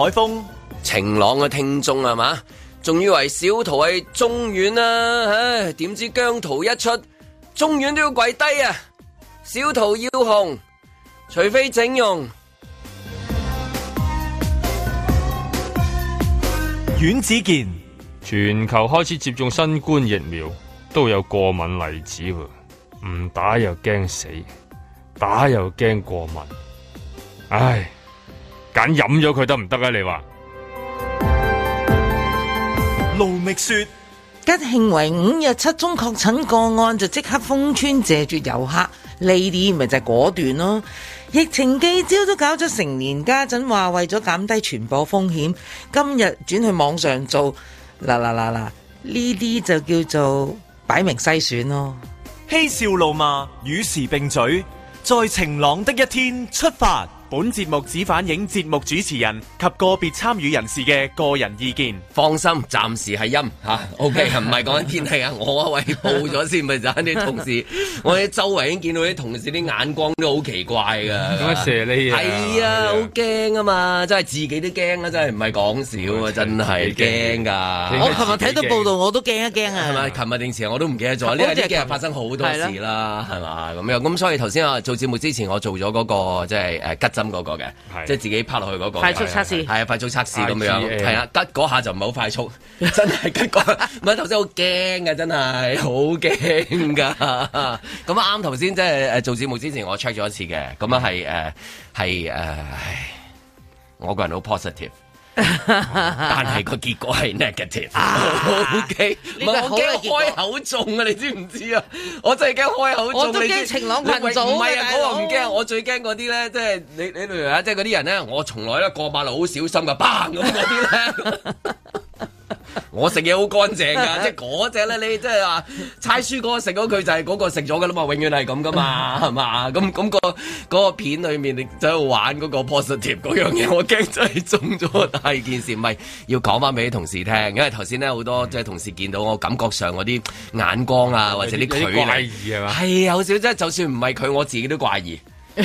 海風晴朗嘅聽眾係咪，仲以為小桃係中院啊？唉，點知姜濤一出，中院都要跪低啊！小桃要紅，除非整容。阮子健，全球開始接種新冠疫苗都有過敏例子，唔打又驚死，打又驚過敏，唉。揀飲咗佢得唔得啊？你話？盧覓雪吉慶為五日七宗確診個案就即刻封村謝絕遊客，呢啲咪就係果斷咯。疫情記招都搞咗成年，家陣話為咗減低傳播風險，今日轉去網上做，嗱嗱嗱嗱，呢啲就叫做擺明篩選咯。嬉笑怒罵與時並進，在晴朗的一天出發。本節目只反映節目主持人及個別參與人士嘅個人意見。放心，暫時係陰吓，OK，唔係講緊天氣啊，我啊喂報咗先，咪就啲同事，我喺周圍已經見到啲同事啲眼光都好奇怪噶。乜蛇你啊？係啊，好驚啊嘛，真係自己都驚啊，真係唔係講笑啊，真係驚噶。我琴日睇到報道，我都驚一驚啊。係咪？琴日定時我都唔記得咗。呢幾日發生好多事啦，係嘛咁樣。咁所以頭先我做節目之前我做咗嗰個即係誒吉。個嘅，是即係自己拍落去嗰個快速測試，係啊快速測試咁樣，係啊吉嗰下就唔係好快速，真係吉嗰下，唔係頭先好驚啊，真係好驚㗎。咁啱頭先即係誒做節目之前我 check 咗一次嘅，咁啊係誒係誒，我個人好 positive。 但係個結果係 negative，O K，我驚開口中啊。 你知唔知啊？我真係驚開口中。我都驚晴，晴朗群組。唔係啊，我話唔驚，我最驚嗰啲咧，即係你你明啊，即係嗰啲人咧，我從來咧過馬路好小心噶嘭咁嗰啲咧。 我食嘢好乾淨噶，即係嗰隻咧，你即係話，猜輸嗰個食咗佢就係嗰個食咗噶啦嘛，永遠係咁噶嘛，係嘛？咁、嗰、咁個、嗰個片裏面你走度玩嗰個 positive 嗰樣嘢，我驚真係中咗個大件事，唔係要講翻俾你同事聽，因為頭先咧好多即係同事見到我感覺上嗰啲眼光啊，或者啲距離係嘛，係有少少即係就算唔係佢，我自己都怪異，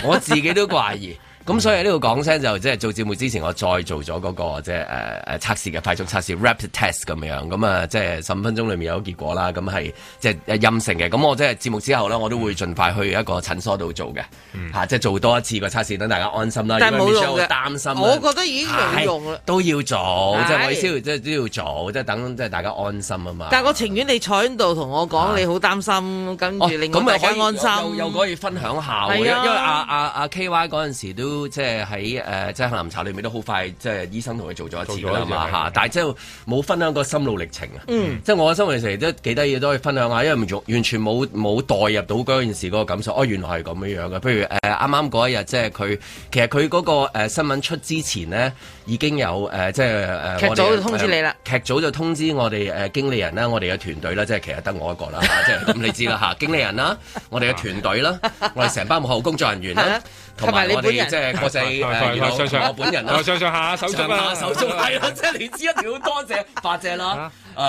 我自己都怪異。 咁所以呢度講聲就即係做節目之前，我再做咗嗰個即係誒誒測試嘅快速測試 rapid test 咁樣，咁啊即係十五分鐘裏面有結果啦。咁係即係陰性嘅，咁我即係節目之後呢，我都會盡快去一個診所度做嘅，即係、嗯啊就是、做多一次個測試，等大家安心啦。但係冇用嘅，擔心，我覺得已經有用啦，都要做，即係我意思，即係都要做，即係等即係大家安心啊嘛。但係我情願坐我你坐喺度同我講，你好擔心，跟住令大家可以安心、啊哦，又可以分享下嘅，啊、因為阿阿阿 KY 嗰陣時都。都即係喺誒，即係南午茶裏面都好快，即係醫生同佢做咗一次噶啦嘛嚇。但係即係冇分享個心路歷程啊。嗯，即係我嘅心路歷程都幾得嘢都可以分享下，因為完全冇冇代入到嗰件事嗰個感受。哦，原來係咁樣樣嘅。不如誒，啱啱嗰一日即係佢，其實佢嗰、嗰個、呃、新聞出之前呢，已經有誒、呃、即係誒、呃、劇組通知你啦。劇組就通知我哋誒經理人啦，我哋嘅團隊啦，即係其實得我一個啦， 即係咁你知啦嚇。經理人啦，我哋嘅團隊啦， 我哋成班幕後工作人員啦。 啊同埋你本人即係我哋誒，我本人啦，上上下手中啊，手中即係你知一定要多謝花姐啦，誒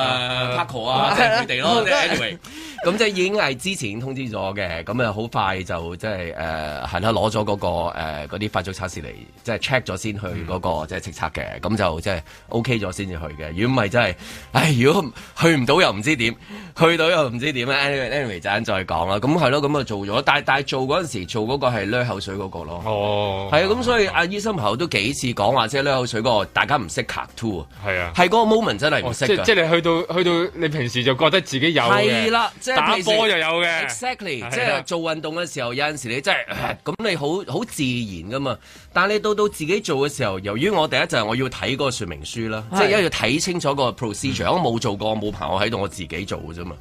Marco 啊，佢哋咯，Anyway，咁即係已經係之前通知咗嘅，咁啊好快就即係誒，係啦，攞咗嗰個嗰啲快速測試嚟，即係 check 咗先去嗰個即係測測嘅，咁就即係 OK 咗先至去嘅，如果唔係真係，唉，如果去唔到又唔知點，去到又唔知點，Anyway，Anyway，陣再講啦，咁係咯，咁啊做咗，但但係做嗰陣時做嗰個係甩口水。哦，係啊，咁所以阿醫生朋友都幾次講話啫，咧口水嗰個大家唔識卡 two 啊，係啊，係嗰個 moment 真係唔識噶，即係你去到去到你平時就覺得自己有嘅，係啦，即係打波又有嘅，exactly，即係做運動嘅時候有陣時你真係咁你好好自然噶嘛，但係你到到自己做嘅時候，由於我第一就係我要睇嗰個說明書啦，即係一定要睇清楚個 procedure，我冇做過冇朋友喺度我自己做嘅啫嘛。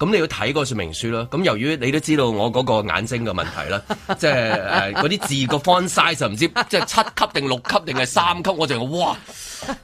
咁你要睇個說明書啦。咁由於你都知道我嗰個眼睛嘅問題啦，即係誒嗰啲字個 font size 就唔知即係、就是、七級定六級定係三級，我就哇！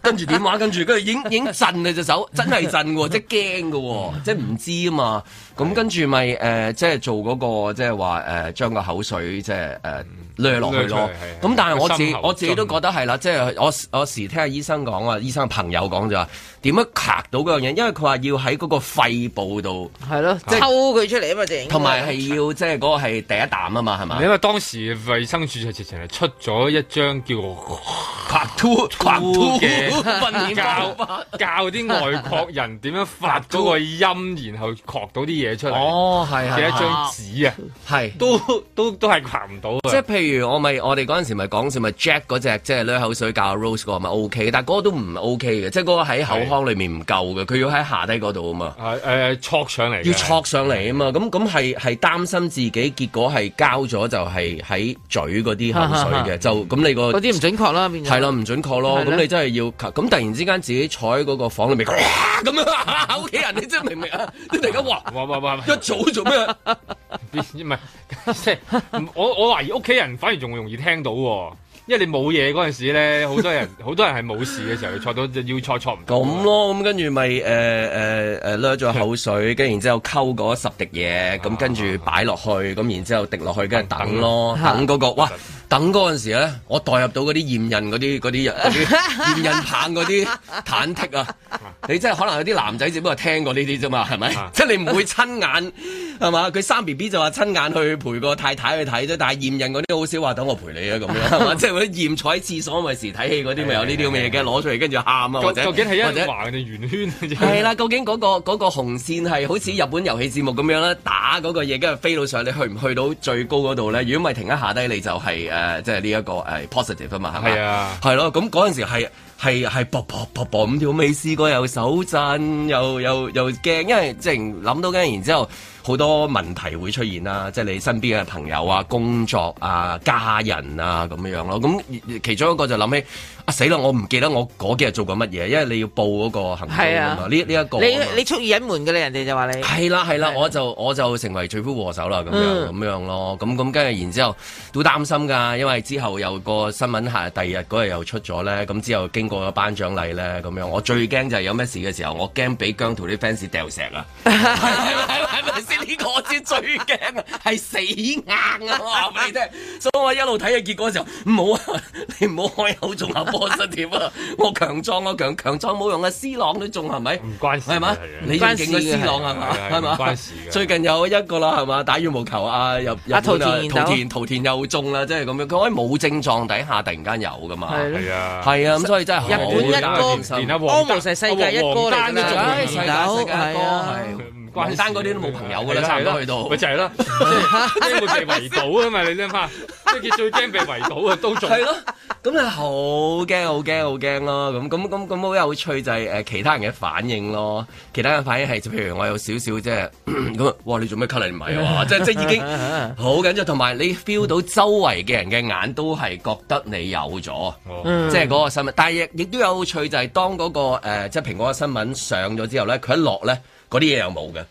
跟住點話，跟住跟住影影震啊隻手，真係震嘅，即係驚嘅，即係唔知啊嘛。咁跟住咪誒，即係做嗰個，即係話誒，將個口水即係誒掠落去咯。咁但係我自己我自己都覺得係啦，即係、啊、我我時聽下醫生講啊，醫生朋友講就話點樣咳到嗰樣嘢，因為佢話要喺嗰個肺部度係咯，抽佢出嚟啊嘛，同埋係要即係嗰個係第一啖啊嘛，係嘛？因為當時衛生署就直情係出咗一張叫咳吐咳吐。訓 教教啲外國人點樣發嗰個音，然後學到啲嘢出嚟。哦，係係係，借一張紙啊，係是是 都都都係學唔到。即係譬如我咪我哋嗰陣時咪講笑咪 Jack 嗰隻，即係甩口水教 Rose 嗰、個咪 OK，但係嗰個都唔 OK 嘅，即係嗰個喺口腔裏面唔夠嘅，佢是 要喺下低嗰度啊嘛。係誒、啊，戳、呃、上嚟要戳上嚟啊嘛。咁咁係係擔心自己，結果係交咗就係喺嘴嗰啲口水嘅， 就咁你、個嗰啲唔準確啦。係、啊、啦，唔準確咯。咁你真係。要求咁突然之間自己坐喺嗰個房裏面咁樣，屋企人你真係明唔明啊？ 你突然間哇哇哇，哇哇哇哇哇一早做咩？唔係即係我我懷疑屋企人反而仲容易聽到，因為你冇嘢嗰陣時咧，好多人好 多人係冇事嘅時候坐到要坐坐唔、啊。咁咯，咁跟住咪誒誒誒甩咗口水，跟然之後溝嗰十滴嘢，咁 跟住擺落去，咁然之後滴落去，跟住等咯，咁嗰、嗰個哇。的等嗰陣時咧，我代入到嗰啲驗孕嗰啲嗰啲人嗰驗孕棒嗰啲忐忑啊！ 你真係可能有啲男仔只不過聽過呢啲啫嘛，係咪？ 即係你唔會親眼係嘛？佢生 B B 就話親眼去陪個太太去睇啫，但係驗孕嗰啲好少話等我陪你啊。咁樣， 即係驗坐在廁所咪時睇戲嗰啲咪有呢啲咁嘅嘢嘅，攞出嚟跟住喊啊， 或者究竟一或者圓圈係啦，究竟嗰個嗰個紅線係好似日本遊戲節目咁樣咧， 打嗰個嘢跟住飛到上，你去唔去到最高嗰度咧？如果唔係停一下低，你就係。誒、呃，即係呢一個誒、呃、positive 是啊嘛，係咪？係啊，係咯，咁嗰陣時係係係啪啪啪啪咁，點未試過，又手震，又又又驚，因為即係諗到驚，然之後好多問題會出現啦，即係你身邊嘅朋友啊、工作啊、家人啊咁樣樣咯，咁其中一個就諗起。啊死啦！我唔記得我嗰幾日做過乜嘢，因為你要報嗰個行為啊，呢呢一個你你蓄意隱瞞嘅，你人哋就話你係啦係啦，我就我就成為罪魁禍首啦咁樣咁樣咯。咁咁跟住然之後都擔心㗎，因為之後有個新聞係第二日嗰日又出咗咧。咁之後經過咗頒獎禮咧咁樣，我最驚就係有咩事嘅時候，我驚俾姜濤啲 fans 掉石啊！係咪先呢個先最驚啊？係死硬啊！我話俾你聽，所以我一路睇嘅結果時候，唔好啊！你唔好開口做我實點啊！我強壯，啊，強壯冇用啊！C 朗都中係咪？唔關事係嘛？你應勁個 C 朗係嘛？係嘛？唔關事最近有一個啦，係嘛？打羽毛球啊，又阿陶田田又中啦，即係咁樣。佢可以冇症狀底下突然間有噶嘛？係係啊。係啊，咁所以真係一冠一哥，安慕石世界一哥嚟仲有係啊。關山嗰啲都冇朋友㗎啦，啊、差唔多去到咪就係、是、啦，即係驚會被圍堵啊嘛！ 你諗下，即係 最驚被圍堵啊，都仲係咯。咁啊，好驚，好驚，好驚咯！咁咁咁咁好有趣就係、是、誒、呃、其他人嘅反應咯。其他人反應係譬如我有少少即係咁，哇！你做咩吸泥啊？ 即即已經好緊張，同埋你 feel 到周圍嘅人嘅眼都係覺得你有咗，嗯、即係嗰個新聞。但係亦亦都有趣就係、是、當嗰、那個、呃、即係蘋果嘅新聞上咗之後咧，佢一落咧。嗰啲嘢又冇嘅，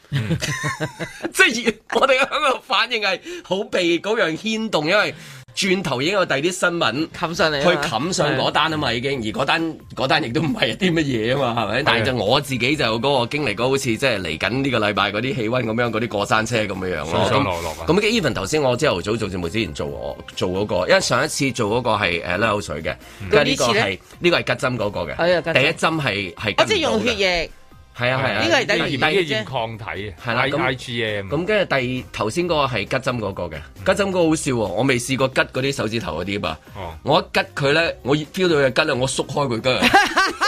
即係我哋喺度反應係好被嗰樣牽動，因為轉頭已經有第二啲新聞吸引去冚上嗰單啊嘛已經，而嗰單嗰單亦都唔係啲乜嘢啊嘛係咪？但係就我自己就嗰個經歷，嗰好似即係嚟緊呢個禮拜嗰啲氣温咁樣，嗰啲過山車咁樣樣咁 even 頭先我朝頭早做節目之前做我做嗰個，因為上一次做嗰個係甩口水嘅，而呢個係呢個係吉針嗰個嘅。第一針係即用血液。係啊係啊，呢、啊、個係第二第一抗體，係啦、啊、，I I G 咁。跟住、嗯、第二頭先嗰個係吉針嗰個嘅，吉針嗰好笑喎、哦，我未試過吉嗰啲手指頭嗰啲啊嘛，我一吉佢咧，我 feel 到佢嘅吉量，我縮開佢吉。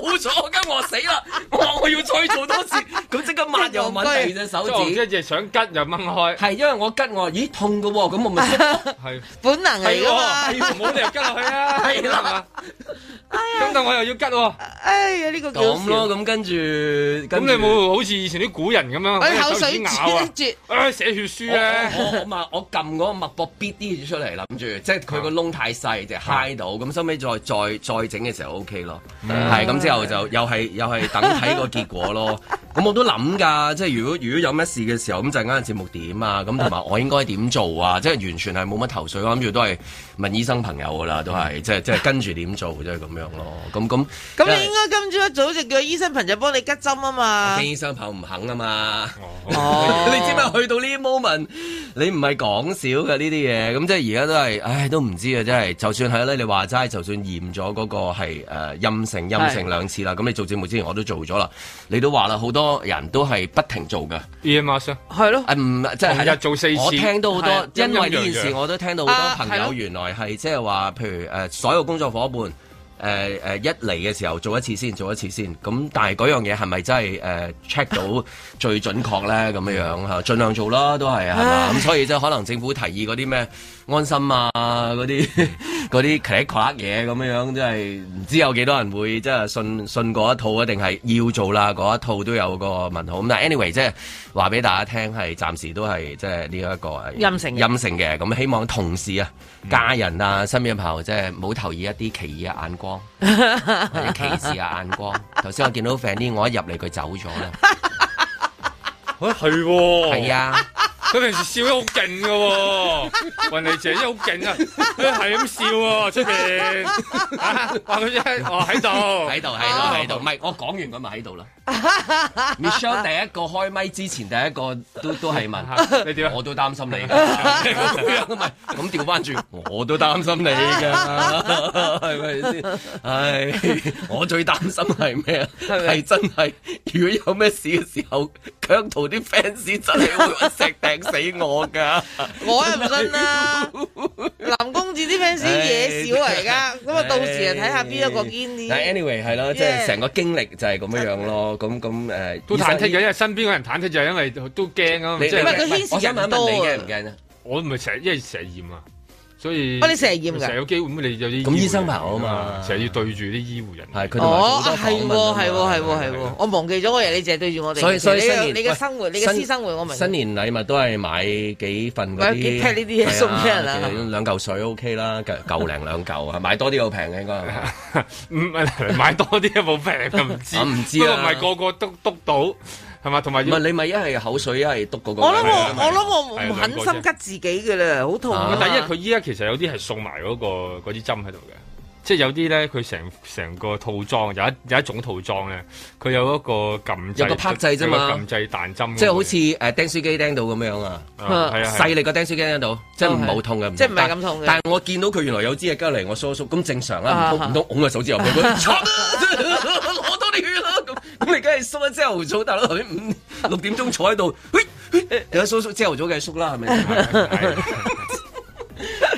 冇錯，我拮我死啦！我我要再做多次，咁即刻抹又抹第二隻手指，即係想拮又掹開。係因為我拮我咦痛㗎喎，咁我咪識係本能嚟噶嘛？唔好你又拮落去啊！係嘛？哎呀，咁但係我又要拮喎。哎呀，呢個咁咯，咁跟住咁你冇好似以前啲古人咁樣用口水咬啊？誒，寫血書咧，我抹我撳嗰個脈搏逼啲出嚟，諗住即係佢個窿太細，就揩到。咁收尾再再再整嘅時候 O K 咯，係咁。 之後就又係， 又係等睇個結果咯。咁、嗯、我都諗㗎，即係如果如果有咩事嘅時候，咁陣間嘅節目點啊？咁同埋我應該點做啊？ 即係完全係冇乜頭緒咯。諗住都係問醫生朋友㗎啦，都係即係即係跟住點做，即係咁樣咯。咁咁咁，嗯嗯、為你應該今朝一早就叫醫生朋友幫你吉針啊嘛？見醫生朋友唔肯啊嘛？Oh. 你知唔知去到呢啲 moment，你唔係講少嘅呢啲嘢。咁、嗯、即係而家都係，唉，都唔知啊！即係，就算係咧，你話齋，就算驗咗嗰個係誒、啊、陰性陰性兩次啦。咁是、嗯、你做節目之前我都做咗啦，你都話啦好多。多人都係不停做噶，二孖商係咯，誒唔即係日做四次，我聽到好多，的因為呢件事陽陽我都聽到好多朋友原來係即係話，啊、譬如所有工作伙伴。誒誒、呃呃、一嚟嘅時候做一次先，做一次先。咁但係嗰樣嘢係咪真係誒 check 到最準確咧？咁樣樣吓盡量做啦，都係啊係嘛。咁唉 所以即係可能政府提議嗰啲咩安心啊，嗰啲嗰啲奇怪嘢咁樣樣即係唔知有幾多人會即係信信嗰一套啊？定係要做啦嗰一套都有個問號。咁但 anyway 即係話俾大家聽係暫時都係即係呢一個係陰性陰性嘅。咁希望同事啊、家人啊、嗯、身邊嘅朋友即係冇投以一啲奇異嘅眼光。歧視嘅眼光，頭先我見到 Fanny，我一入嚟佢走咗啦。哎，係喎，係啊。佢平時笑得好勁嘅喎，雲嚟姐姐真好勁啊！佢係咁笑喎，出面，啊話佢啫，喺度喺度喺度喺度，唔係我講完佢咪喺度啦。Michelle 第一個開麥之前，第一個都都係問下你點啊？我都擔心你，唔係咁調翻轉，我都擔心你㗎，係咪先？係我最擔心係咩啊？係真係如果有咩事嘅時候姜濤啲 fans 真係會一石死我噶！我又唔信啦，林公子啲 fans 野少嚟噶，咁啊到時就睇下邊一個堅啲。但 anyway 係咯，即係成個經歷就係咁樣樣咯。咁咁誒都忐忑嘅，因為身邊嗰人忐忑就係因為都驚咁。你因為黐線人多啊？唔緊啊！我唔係成日，因為成日驗啊。所以，你成日有機會咁，你有啲咁醫生朋友啊嘛，成日要對住啲醫護人。係佢哋哦，係喎，係喎，係喎，係喎，我忘記咗你淨係對住我哋。所以所以你嘅生活，你嘅私生活，我明。新年禮物都係買幾份嗰啲。買幾 pair 呢啲嘢送俾人啦。兩嚿水 OK 啦，嚿零兩嚿啊，買多啲好平嘅應該。買多啲有冇平嘅？唔知。我唔知啊，唔係個個都篤到。係嘛，同埋唔係你咪一係口水，一係篤個個。我諗我我諗我唔肯心急自己嘅啦，好痛。第一佢依家其實有啲係送埋嗰個嗰支針喺度嘅，即係有啲咧，佢成成個套裝，有一有一種套裝咧，佢有一個撳掣，有個拍掣啫嘛，撳掣彈針，即係好似誒釘書機釘到咁樣啊，細力個釘書機釘到，真係唔好痛，即係唔係咁痛嘅。但係我見到佢原來有支嘢隔離我梳梳，咁正常啦，唔通，唔通我個手指有冇？咁你梗係宿一朝頭早，大佬去五六點鐘坐喺度，有啲叔宿朝頭早嘅宿啦，係咪？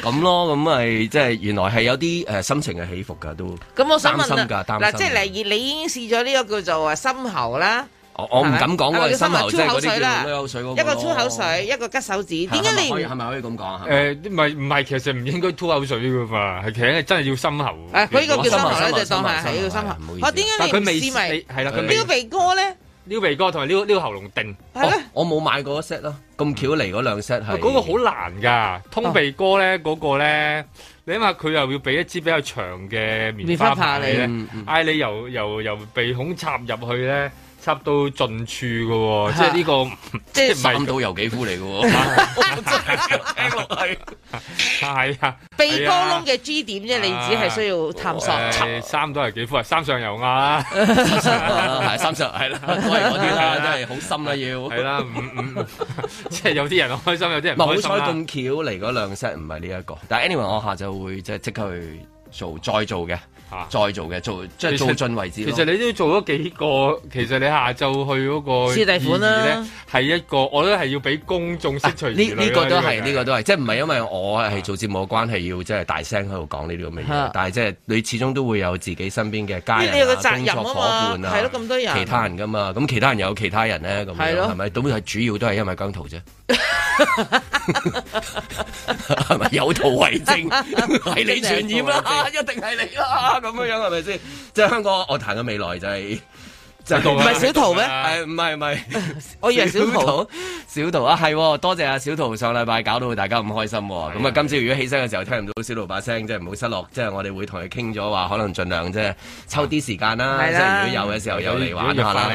咁咯，咁咪即係原來係有啲誒心情嘅起伏噶，都咁我想問噶，擔心。嗱，即係例如你已經試咗呢個叫做誒心喉啦。我我唔敢講嗰個深喉，即係嗰啲叫濫口水，一個粗口水，一個吉手指。點解你唔？可以係咪可以咁講？誒，唔係唔係，其實唔應該濫口水噶嘛，係其實真係要深喉。誒，佢呢個叫深喉咧，就當係喺個深喉。嚇，點解你唔撕眉？係啦，撩鼻哥咧，撩鼻哥同埋撩撩喉嚨定？係咧，我冇買過一 set 啦，咁巧嚟嗰兩 set 係。嗰個好難噶，通鼻哥咧嗰個咧，你因為佢又要俾一支比較長嘅棉花棒咧，嗌你由由由鼻孔插入去咧。插到盡處㗎喎，即係呢個，即係山都遊幾乎嚟㗎喎。我真係聽落嚟，係啊，鼻哥窿嘅 G 點啫，你只係需要探索。三都係幾乎，三上有啊，三上有，係啦，都係嗰啲啦，真係好深啦，要係啦，唔唔即係有啲人開心，有啲人唔開心啦。咁巧嚟嗰兩 set 唔係呢一個，但係 anyway，我下晝會即係即刻去做再做嘅。再做嘅，做即係做盡為止。其實你都做咗幾個，其實你下晝去嗰個。示例款啦，係一個，我覺得係要俾公眾識出嚟，呢呢個都係，呢個都係，即係唔係因為我係做節目嘅關係要聲的即係大聲喺度講呢啲咁嘅嘢，但係即係你始終都會有自己身邊嘅家人、啊，你有啊責任伙伴，啊，係咯、啊，咁多人，其他人噶、啊、嘛，咁其他人有其他人咧，咁係咯，係咪的？咁係主要都係因為姜濤啫。 係咪 有圖為證？係 你傳染啦、啊，是一,一定係你啦，咁 樣樣係咪先？是是 即係香港樂壇嘅未來就係、是。就唔係小桃咩？唔係唔係？我以為小桃，小桃啊，係多謝阿小桃上禮拜搞到大家咁開心。咁啊，今朝如果起身嘅時候聽唔到小桃把聲，即係唔好失落。即係我哋會同佢傾咗話，可能盡量即係抽啲時間啦。即係如果有嘅時候又嚟玩下啦，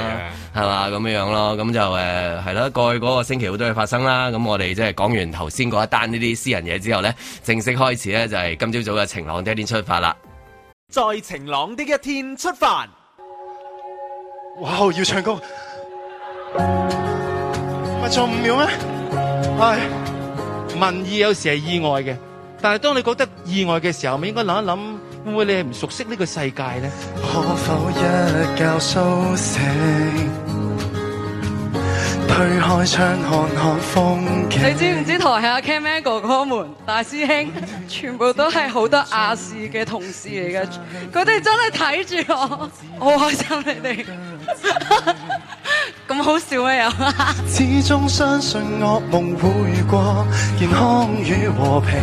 係嘛咁樣樣咯。咁就誒係啦。過去嗰個星期好多嘢發生啦。咁我哋即係講完頭先嗰一單呢啲私人嘢之後呢，正式開始呢，就係今朝早嘅晴朗的一天出發啦。再晴朗的一天出發。哇！要唱歌，咪唱五秒咩？唉、哎，民意有時係意外嘅，但係當你覺得意外嘅時候，咪應該諗一諗，會唔會你係唔熟悉呢個世界咧？可否一覺蘇醒？推開窗看看風景。你知唔知道台下阿 Kemen 哥哥們、大師兄，全部都係好多亞視嘅同事嚟嘅，佢哋真係睇住我，好開心你哋。咁好笑呀又？始終相信惡夢會過，健康與和平。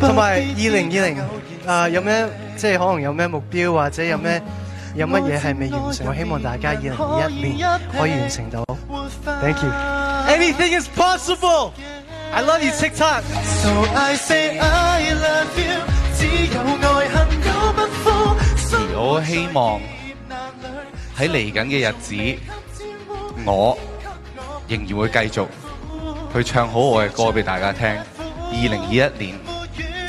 同埋二零二零，啊有咩即係可能有咩目標或者有咩有乜嘢係未完成？我希望大家二零二一年可以完成到。Thank you. Anything is possible. I love you. TikTok. So I say I love you. 而我希望。喺嚟緊嘅日子，我仍然會繼續去唱好我嘅歌俾大家聽。二零二一年，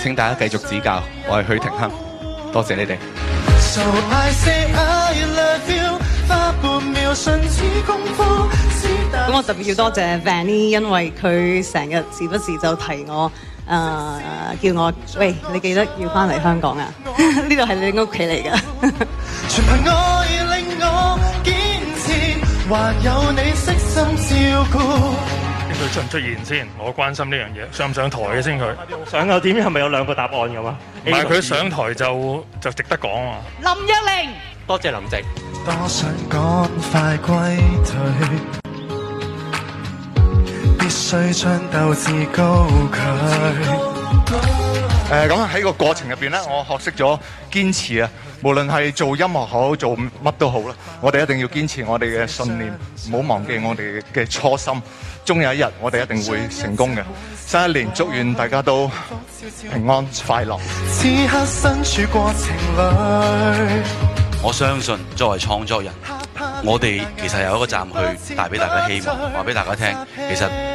請大家繼續指教，我係許廷鏗，多謝你哋。咁、so、我特別要多謝 Vanny，因為佢成日時不時就提我。呃、叫我，喂，你記得要返嚟香港啊。呢度係你屋企嚟㗎。全憑愛令我堅持，還有你悉心照顧。要佢出唔出現先？我關心呢樣嘢。上唔上台嘅先？佢 上到點係咪有兩個答案㗎嘛？唔係，佢上台就就值得講啊。林若寧，多謝林夕。多想講，趕快歸退必須將鬥志高舉。誒、呃，咁喺個過程入邊咧，我學識咗堅持啊！無論係做音樂好，做乜都好啦，我哋一定要堅持我哋嘅信念，唔好忘記我哋嘅初心。終有一日，我哋一定會成功嘅。新一年，祝願大家都平安快樂。此刻身處過程裏，我相信作為創作人，我哋其實有一個站去帶俾大家希望，話俾大家聽，其實。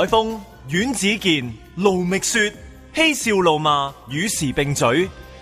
海峰，阮子健，盧覓雪，嬉笑怒罵，與時並嘴。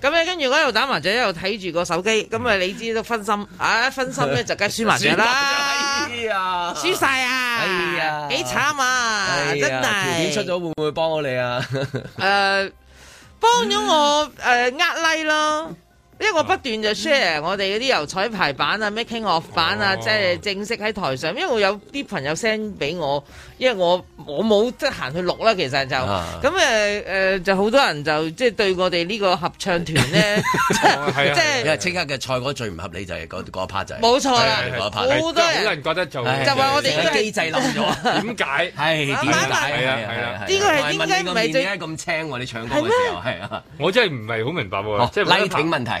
咁咧，跟住嗰度打麻雀，一路睇住個手機，咁啊，你知都分心啊，分心咧就梗係輸麻雀啦，輸晒啊，幾慘啊，哎、呀真係的條片出咗會唔會幫到你啊？誒、 呃，幫咗我誒 呃拉、like、咯。因為我不斷就 share 我哋嗰啲油彩排版啊、咩傾樂版啊，即係正式喺台上。因為我有啲朋友 send 俾我，因為我我冇得閒去錄啦，其實就咁誒誒就好多人就即係對我哋呢個合唱團咧，即係即係即刻嘅賽果最唔合理就係嗰嗰一 part 就係冇錯啦，好多人覺得就就話我哋啲氣質爛咗，點解係？點解係啊？係啊？呢個係點解唔係點解咁青？你唱歌嘅時候係啊？我真係唔係好明白喎，即係環境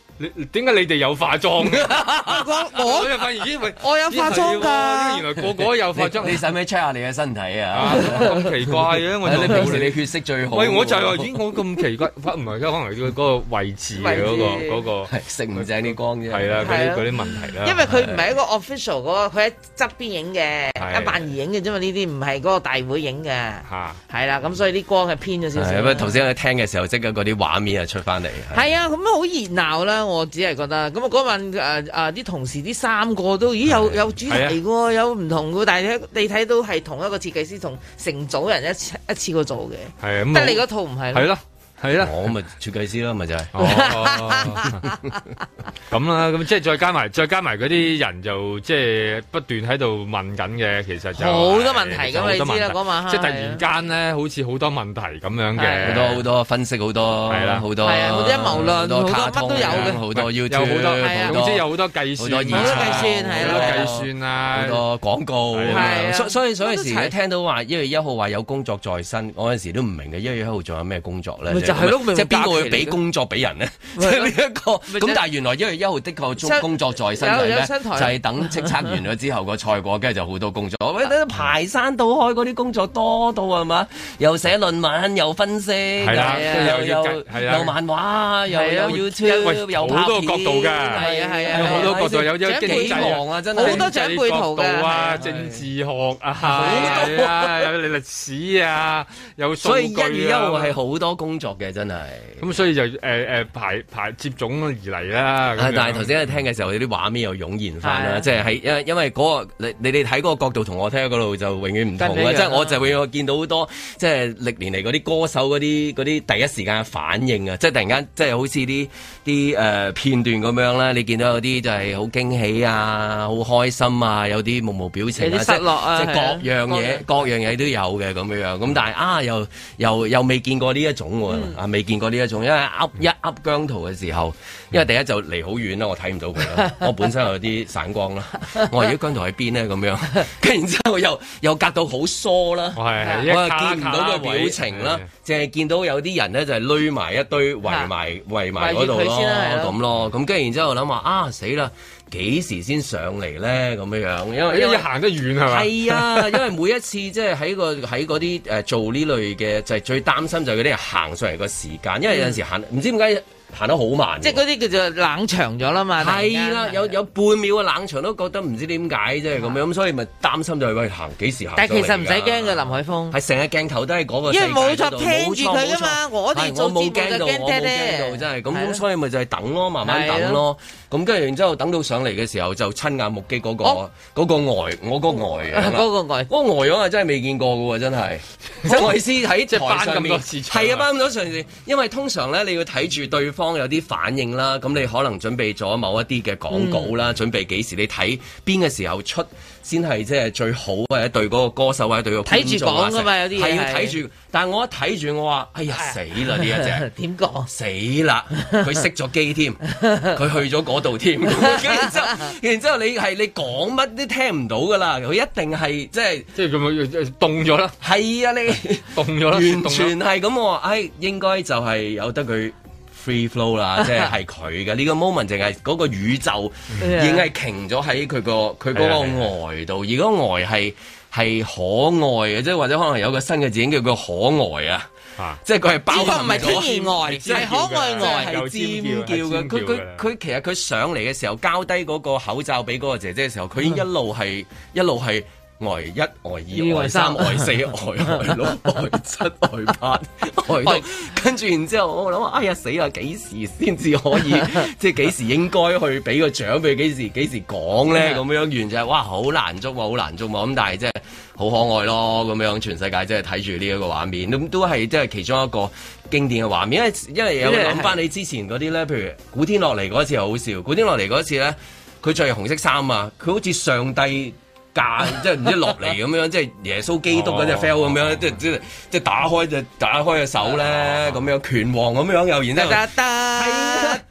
點解你哋有化妝我我我反而因為我有化妝㗎，原來個個都有化妝。你使咩 check 下你嘅身體啊？咁奇怪嘅，我哋平時你血色最好。喂，我就係話咦，我咁奇怪，唔係可能佢嗰個位置嗰個嗰食唔正啲光啫。係啦，嗰啲嗰啲問題啦。因為佢唔係一個 official 嗰個，佢喺側邊影嘅，一萬而影嘅啫嘛。呢啲唔係嗰個大會影嘅。嚇，係啦，咁所以啲光係偏咗少少。頭先喺聽嘅時候，即刻嗰啲畫面啊出翻嚟。係啊，咁樣好熱鬧啦。我只係覺得，咁啊，嗰晚誒啲同事啲三個都，咦有有主題喎，的有唔同喎。但係你睇到係同一個設計師同成組人一次一次過做嘅，即係、嗯、你嗰套唔係咯。係啦，我咪會計師啦，咪就係。咁啦，咁即係再加埋，再加埋嗰啲人就即係不斷喺度問緊嘅，其實就好多問題咁，你知啦嗰晚。即係突然間咧，好似好多問題咁樣嘅，好多好多分析，好多係啦，好多係啊，好多陰謀論，好多乜都有嘅，好多要好多，總之有好多計算，好多計算係啊，好多計算啊，好多廣告。所所以，所以時聽到話一月一號話有工作在身，我嗰陣時都唔明嘅，一月一號仲有咩工作咧？係咯，即係邊個會俾工作俾人咧？即係呢一個咁，但係原來一月一號的確做工作在身咧，就係等叱咤完咗之後個賽果，跟住就好多工作。喂，排山倒開嗰啲工作多到係嘛？又寫論文，又分析，係啊，又又畫漫畫，又有 YouTube 又拍片，好多角度㗎，係啊係啊，好多角度，有有經濟啊，好多長輩圖㗎，政治學啊，好多啊，有歷史啊，有數據，所以一月一號係好多工作。嘅真係，咁所以就誒、呃、排排，排接踵而嚟啦、啊。但係頭先聽嘅時候，有啲畫面又湧現翻啦，即係喺因因為嗰、那個你你哋睇嗰個角度同我聽嗰度就永遠唔同即係、啊、我就會見到好多即係、就是、歷年嚟嗰啲歌手嗰啲嗰啲第一時間反應啊，即係突然間即係、就是、好似啲啲誒片段咁樣啦。你見到有啲就係好驚喜啊，好開心啊，有啲目無表情啊，有啲失落啊，即係各樣嘢、啊，各樣嘢都有嘅咁樣樣。咁但係、嗯、啊，又又又未見過呢一種喎、啊。嗯啊！未見過呢一種，因為一噏姜濤嘅時候，因為第一就離好遠啦，我睇唔到佢啦。 我本身有啲散光啦，我話而家姜濤喺邊呢？」咁樣，跟然之後又又隔梳是是我到好疏啦，我係我見唔到個表情啦，淨係見到有啲人咧就係、是、埋一堆圍埋是圍埋嗰度咯，咁咯，咁跟然之後諗話啊死啦！幾時先上嚟咧？咁樣樣，因為因為要行得遠係嘛？係啊，因為每一次即係喺個喺嗰啲誒做呢類嘅，就係最擔心就係嗰啲人行上嚟個時間，因為有陣時行唔知點解。行得好慢，即係嗰啲叫做冷場咗啦嘛，係啦，有有半秒嘅冷場都覺得唔知點解即係咁樣，咁所以咪擔心就係喂行幾時行？但其實唔使驚嘅，林海峰係成日鏡頭都係嗰個。因為冇錯，聽住佢噶嘛，我哋就冇驚到，我冇驚到，真係咁，所以咪就係等咯，慢慢等咯。咁跟住然之後等到上嚟嘅時候就親眼目擊嗰個嗰個呆，我個呆，嗰個呆，嗰個呆樣啊真係未見過嘅喎，真係。即係台上面，係啊，班咗上嚟，因為通常咧你要睇住對方方有啲反應啦，咁你可能準備咗某一啲嘅廣告啦，嗯、準備幾時你睇邊個嘅時候出先係即係最好，或者對嗰個歌手或者對個觀眾㗎嘛，有啲係要睇住。是但我一睇住我話：哎呀，死啦呢一隻！點講？死啦！佢熄咗機添，佢 去咗嗰度添。然之後，然之後，後你係你講乜都聽唔到噶啦。佢一定係即係即係咁樣，即係凍咗啦。係啊，你凍咗啦，完全係咁。我話，哎，應該就係有得佢。Free flow 啦，即係佢嘅呢個 moment，淨係嗰個宇宙 Yeah. 已經係停咗喺佢個佢嗰 Yeah. 個外度，而嗰外係係可愛嘅，即係或者可能有個新嘅字眼叫佢可愛啊， 即係佢係包。呢個唔係天然外，係可愛外，係尖叫嘅。佢佢佢其實佢上嚟嘅時候，交低嗰個口罩俾嗰個姐姐嘅時候，佢一路係 一路係。外、呃、一、外、呃、二、外、呃、三、外、呃、四、外、呃呃、六、外、呃、七、外、呃、八、外、呃、 跟住然之後，我諗啊，哎呀死啊，幾時先至可以？即係幾時應該去俾個獎俾？幾時幾時講咧？咁樣完就係哇，好難捉喎，好難捉喎！咁但係真係好可愛咯，咁樣全世界真係睇住呢一個畫面，咁都係即係其中一個經典嘅畫面，因為因為有諗翻的你之前嗰啲咧，譬如古天樂嚟嗰次好笑，古天樂嚟嗰次咧，佢著紅色衫啊，佢好似上帝。 即係唔知落嚟咁樣，哦、即係耶穌基督嗰隻 feel 咁樣，即係即係即係打開就打開隻手咧，咁樣拳王咁樣又，然之後，係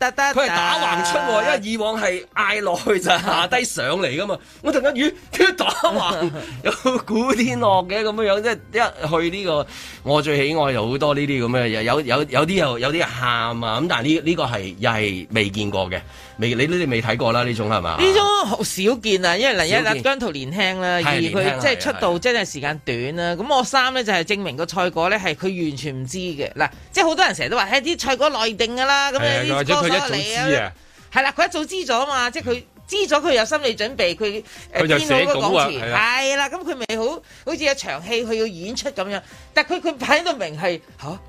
佢係打橫 出，因為以往係嗌落去就下低上嚟噶嘛。我突然間咦，打橫，有古天樂嘅咁樣樣，即係一去呢、呢個我最喜愛又好多呢啲咁嘅嘢，有有有啲又有啲喊啊咁，但係呢呢個係又係未見過嘅。未，你呢啲未睇過啦？呢種係嘛？呢種好少見啊！因為第一，姜濤年輕啦，而佢即係出道真係時間短啦。咁我三咧就係、是、證明個賽果咧係佢完全唔知嘅嗱，即係好多人成日都話：，誒啲賽果內定㗎啦。咁的樣歌或者佢一早知啊？係啦，佢一早知咗嘛？即係佢知咗，佢有心理準備，佢編、啊、好個講詞。係啦，咁佢咪好好似有場戲，佢要演出咁樣。但係佢佢擺喺度明係嚇。啊。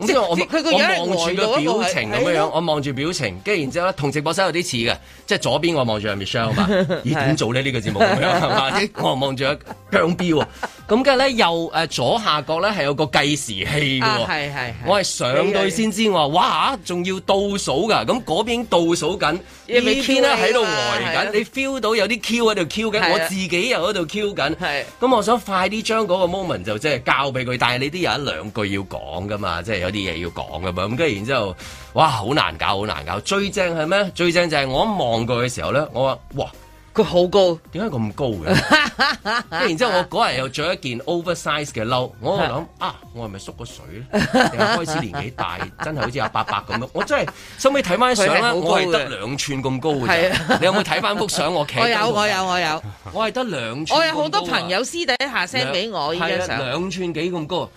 即係我，我望住個表情咁樣，我望住表情，跟住然之後咧，同直播室有啲似嘅，即係左邊我望住 Michelle 嘛，咦點做呢？呢個節目咁樣，我望住姜彪喎，咁跟住咧右誒左下角咧係有個計時器喎，我係上對先知我話：「哇仲要倒數㗎，咁嗰邊倒數緊，而你 Q 咧喺度呆緊，你 feel 到有啲 Q 喺度 Q 緊，我自己又喺度 Q 緊，咁我想快啲將嗰個 moment 就即係交俾佢，但係你啲有一兩句要講㗎嘛，即係。有啲嘢要講㗎嘛，咁跟住然之後，哇，好難搞，好難搞。最正係咩？最正就係我一望過嘅時候咧，我話哇，佢好高，點解咁高嘅，啊？跟住 然之後我那，我嗰日又着一件 oversize 嘅褸，我諗啊，啊，我係咪縮個水咧？ 開始年紀大，真係好似阿伯伯咁樣。我真係收尾睇翻相啦，是我係得兩寸咁高嘅。是啊， 你有冇睇翻幅相？我企我有，我有，我有。我係得兩寸。我有好多朋友私底下 send 俾我呢張相，兩寸幾咁高。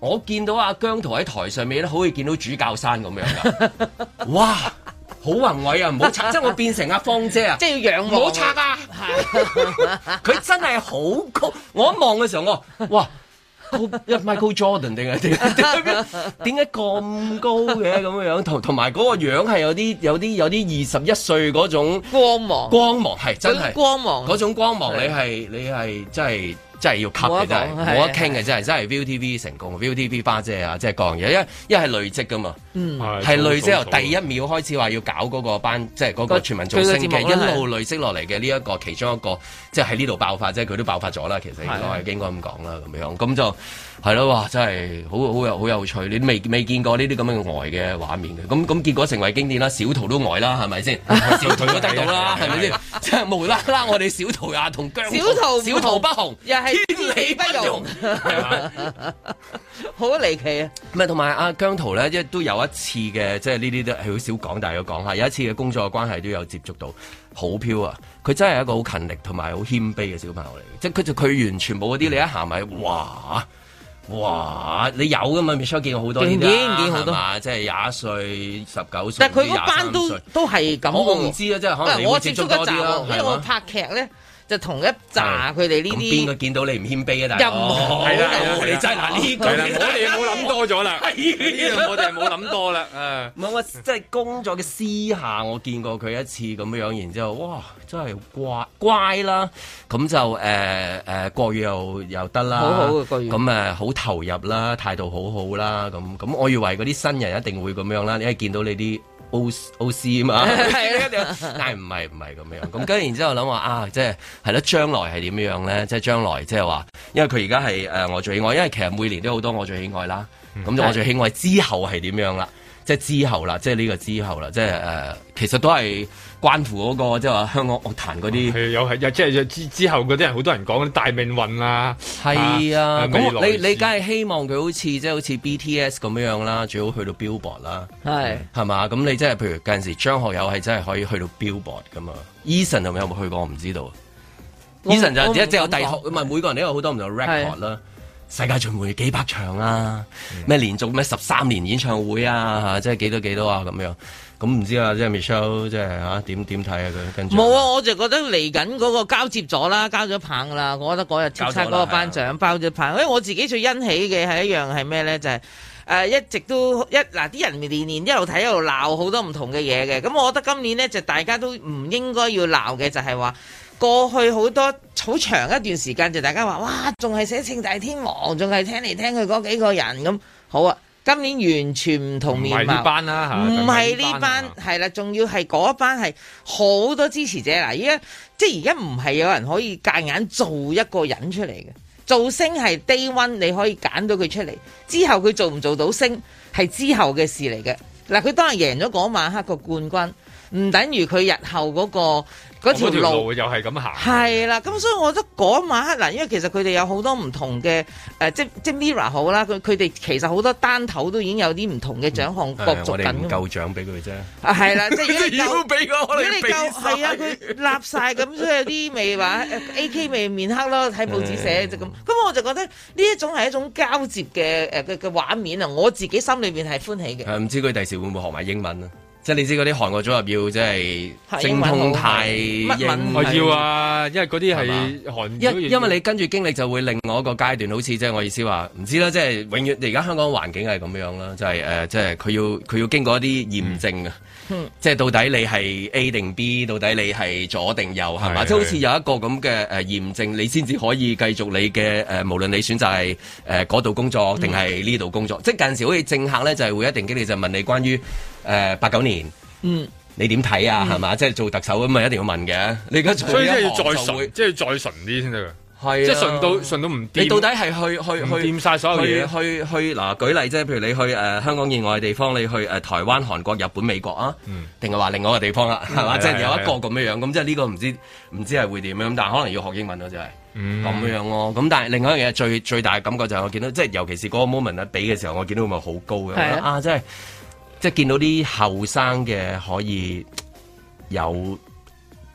我見到阿姜濤喺台上面咧，好似見到主教山咁樣嘅，哇，好宏偉啊！唔好拆，即係我變成阿芳姐啊！即係要仰望、啊。唔好拆啊！佢是的 真係好高，我一望嘅時候，我哇，高一 Michael Jordan 定係點？點解咁高嘅，咁樣樣同同埋嗰個樣係有啲有啲有啲二十一歲嗰種光芒，光芒係真係光芒嗰種光芒你，你係你係真係。真係要吸嘅真係，冇得傾嘅真係，真係 ViuTV 成功是 ViuTV 花姐啊，即係講嘢，因為因為係累積噶嘛，係、嗯、累積由第一秒開始話要搞嗰個班，嗯、即係嗰個全民造星嘅一路累積落嚟嘅呢一個其中一個，是即係喺呢度爆發，即係佢都爆發咗啦。其實我係是應該咁講啦，咁樣咁就。係咯，哇！真係好好，好有好有趣，你未未見過呢啲咁嘅呆嘅畫面嘅，咁咁結果成為經典啦。小桃都呆啦，係咪先？小桃都得咗啦，係咪先？即係無啦啦，我哋小桃啊同姜小桃，小桃不紅又係天理不容，不容好離奇啊！咪同埋阿姜濤咧，即都有一次嘅，即係呢啲都係好少講，大概講下，有一次嘅工作關係都有接觸到，好飄啊！佢真係一個好勤力同埋好謙卑嘅小朋友嚟嘅，即係佢就佢、是、完全冇嗰啲你一行埋哇。哇！你有㗎嘛？Michelle 見過好多，多，幾多幾好多，即係廿一歲、十九歲、佢嗰班都歲都係咁嘅喎。我唔知啊，即係可能你接我接觸得少咯，嗎因為我拍劇咧。就同一紮佢哋呢啲，邊個見到你唔謙卑啊？大佬，係啦，你真係呢句，我哋冇諗多咗啦，我哋冇諗多啦。誒，唔係我即係工作嘅私下，我見過佢一次咁樣，然之後，哇，真係乖乖啦，咁就誒誒國語又又得啦，好好嘅國語，咁誒好投入啦，態度好好啦，咁咁我以為嗰啲新人一定會咁樣啦，因為見到你啲。O O C 嘛，係啦 但係唔係唔係咁樣。咁跟住然之後諗話啊，即係係咯，將來係點樣咧？即係將來即係話，因為佢而家係誒我最喜愛，因為其實每年都好多我最喜愛啦。咁就我最喜愛之後係點樣啦？即係之後啦，即係呢個之後啦，即係誒、呃，其實都係關乎嗰、嗰個即係話香港樂壇嗰啲，係、哦、即係之之後嗰啲人，好多人講啲大命運啦，係啊，啊啊你你梗係希望佢好似即係好似 BTS 咁樣啦，最好去到 Billboard 啦，係係嘛？咁你即係譬如嗰陣時張學友係真係可以去到 Billboard 噶嘛？Eason 有冇去過？我唔知道。哇 Eason 就明即係有大學，唔係的每個人都有好多唔同 rap 啦。世界巡回幾百場啊，咩連續咩十三年演唱會啊，即係幾多幾多啊咁樣，咁唔知啊，即係 Michelle、啊啊啊啊啊啊、即係嚇點點睇啊佢跟住？冇啊，啊，我就覺得嚟緊嗰個交接咗啦，交咗棒啦，我覺得嗰日接曬嗰個班長，了了啊、包咗棒。因為我自己最欣喜嘅係一樣係咩咧？就係、是呃、一直都一嗱啲、呃、人年年一路睇一路鬧好多唔同嘅嘢嘅，咁我覺得今年呢，就大家都唔應該要鬧嘅就係、是、話。過去好多好長一段時間，就大家話：哇，仲係寫《聖大天王》，仲係聽嚟聽去嗰幾個人咁好啊！今年完全唔同面貌，唔係呢班，係啦、啊，仲要係嗰一班係好多支持者嗱。而家即係而家唔係有人可以夾硬做一個人出嚟嘅，造星係 Day One 你可以揀到佢出嚟，之後佢做唔做到星係之後嘅事嚟嘅。嗱，佢當日贏咗嗰晚黑個冠軍。唔等於佢日後嗰、嗰個條路，條路又係咁行，係啦。咁所以我覺得嗰晚黑嗱，因為其實佢哋有好多唔同嘅誒、呃，即即 Mirror 好啦。佢佢哋其實好多單頭都已經有啲唔同嘅獎項角逐緊。嗯哎、夠獎俾佢啫，係啦、啊，即係要俾我。如果你夠，係啊 我，佢 立晒咁，所以有啲未話 AK 未面黑咯，睇報紙寫就咁。咁、嗯、我就覺得呢一種係一種交接嘅誒嘅嘅畫面啊！我自己心裏邊係歡喜嘅。唔知佢第時會唔會學埋英文啊？即係你知嗰啲韓國組合要正通，即係真控太乜問要啊？因為嗰啲係韓因，因為你跟住經歷就會另外一個階段，好似即係我意思話，唔知啦，即係永遠。而家香港環境係咁樣啦，就係誒，即係佢要佢要經過一啲驗證。嗯、即係到底你係 A 定 B，到底你係左定右，係嘛？即係的好似有一個咁嘅誒驗證，呃、你先至可以繼續你嘅誒、呃，無論你選擇係誒嗰度工作定係呢度工作。是工作嗯、即係近時好似政客咧，就係會一定幾率就問你關於誒八九年，嗯，你點睇啊？係嘛？嗯、即係做特首咁咪一定要問嘅。你而家所以即係要再純，會即係再純啲先得。係，即係純到純到唔掂，你到底係去去去掂晒所有嘢？去去嗱，舉例即啫，譬如你去誒香港以外嘅地方，你去誒台灣、韓國、日本、美國啊，定係話另外一個地方啦，係嘛？即係有一個咁嘅樣，咁即係呢個唔知唔知係會點樣？但係可能要學英文咯，就係咁嘅樣咯。咁但係另外一樣嘢最最大嘅感覺就係我見到，即係尤其是嗰個 moment 比嘅時候，我見到佢咪好高嘅，我覺得啊，即係即係見到啲後生嘅可以有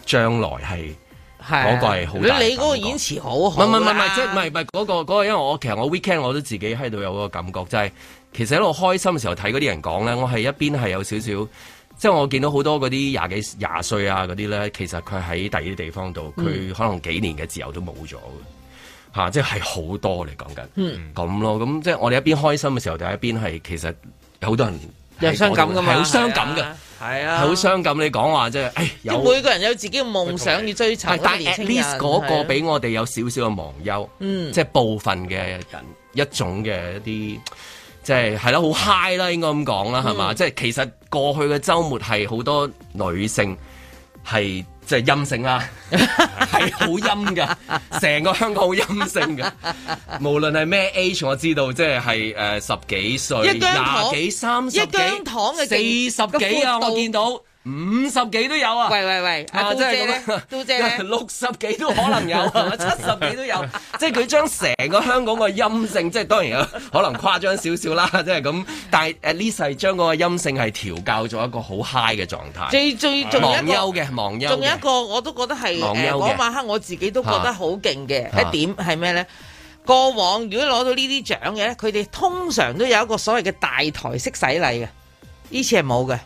將來係。嗰個係好，你你嗰個演詞好好。唔唔唔唔，即係唔係唔係嗰個嗰個，因為我其實我 weekend 我都自己喺度有嗰個感覺，就係其實喺度開心嘅時候睇嗰啲人講咧，我係一邊係有少少，即係我見到好多嗰啲廿幾廿歲啊嗰啲咧，其實佢喺第二啲地方度，佢可能幾年嘅自由都冇咗嘅，吓，即係好多嚟講緊，嗯，咁咯，咁即係我哋一邊開心嘅時候，就一邊係其實好多人有傷感㗎嘛，係好傷感㗎。係啊，好傷感！你講話即係，誒，咁每個人有自己嘅夢想要追尋年輕。但係 at least 嗰個俾我哋有少少嘅忘憂，嗯，即係部分嘅人一種嘅一啲，即係係咯，好 high 啦，應該咁講啦，係嘛、嗯？即係其實過去嘅週末係好多女性係。即係陰性啦，啊，係好陰嘅，成 個香港好陰性嘅，無論係咩 age，我知道即係誒十幾歲、廿幾、三十幾、一斤糖嘅四十幾啊，我見到。五十幾都有啊！喂喂喂，啊，即係咧，都姐， 六十幾都可能有，啊，七十幾都有，即係佢將成個香港個音性，即係 當然有，可能誇張少少啦，即係咁。但係誒 Lisa 將個音性係調教咗一個好 high 嘅狀態。最最仲一個嘅忘憂，仲有一個我都覺得係嗰、uh, 晚黑我自己都覺得好勁嘅係點係咩咧？過往如果攞到呢啲獎嘅，佢哋通常都有一個所謂嘅大台式洗禮嘅，呢次係冇嘅。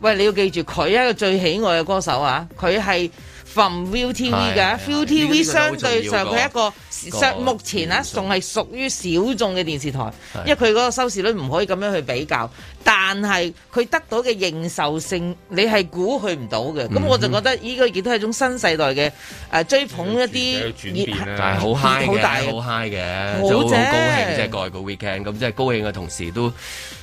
喂，你要記住佢一個最喜愛嘅歌手啊！佢係 From ViuTV 嘅，ViuTV 相對上佢、那個、一個，那個、目前啊仲係屬於小眾嘅電視台，因為佢嗰個收視率唔可以咁樣去比較。但係佢得到嘅認受性，你係估佢唔到嘅。咁、嗯、我就覺得呢個亦都係一種新世代嘅誒、啊、追捧一啲轉變，但係、啊啊、好 high 好大好 high 嘅，好正高興即係、就、過、是、一個 weekend，咁即係高興嘅同時都。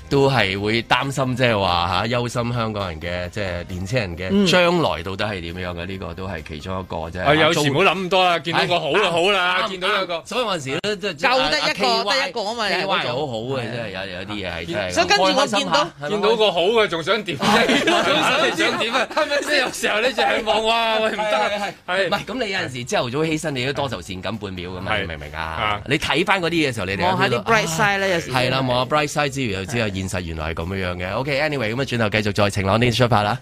都係會擔心，即係話吓，憂心香港人嘅即係年輕人嘅將來到底係點樣嘅？呢個都係其中一個啫。啊，有時唔好諗咁多啦，見到個好就好啦，見到一個。所以有陣時咧，都就得一個得一個啊嘛，有個好好嘅，真係有有啲嘢係真係。所以跟住我見到見到個好嘅，仲想點啊？早想點啊？係咪先？有時候你仲喺望哇？喂唔得係係？咁你有陣時朝頭早起身，你都多愁善感半秒噶嘛？明唔明啊？你睇翻嗰啲嘢嘅時候，你哋望下啲 bright side 咧，有時係啦，望下 bright side 之餘又知現實原來係咁樣嘅。OK，Anyway，okay，咁啊，轉頭繼續再晴朗啲出發啦。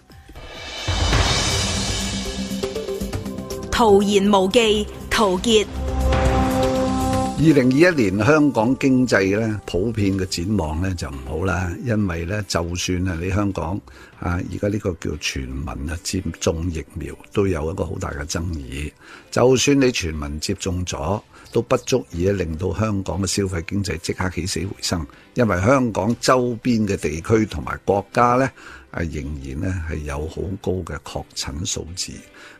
徒言無忌，陶傑。二零二一年香港經濟咧，普遍嘅展望咧就唔好啦，因為咧，就算係，你香港啊，而家呢個叫全民啊接種疫苗，都有一個好大嘅爭議。就算你全民接種咗。都不足以令到香港嘅消費經濟即刻起死回生，因為香港周邊嘅地區同埋國家咧，啊仍然咧係有好高嘅確診數字。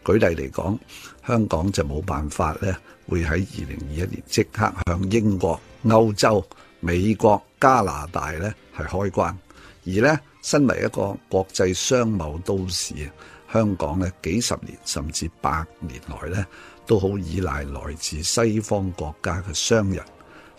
舉例嚟講，香港就冇辦法咧，會喺二零二一年即刻向英國、歐洲、美國、加拿大咧係開關。而咧，身為一個國際商貿都市，香港咧幾十年甚至百年來咧。都好依賴來自西方國家嘅商人，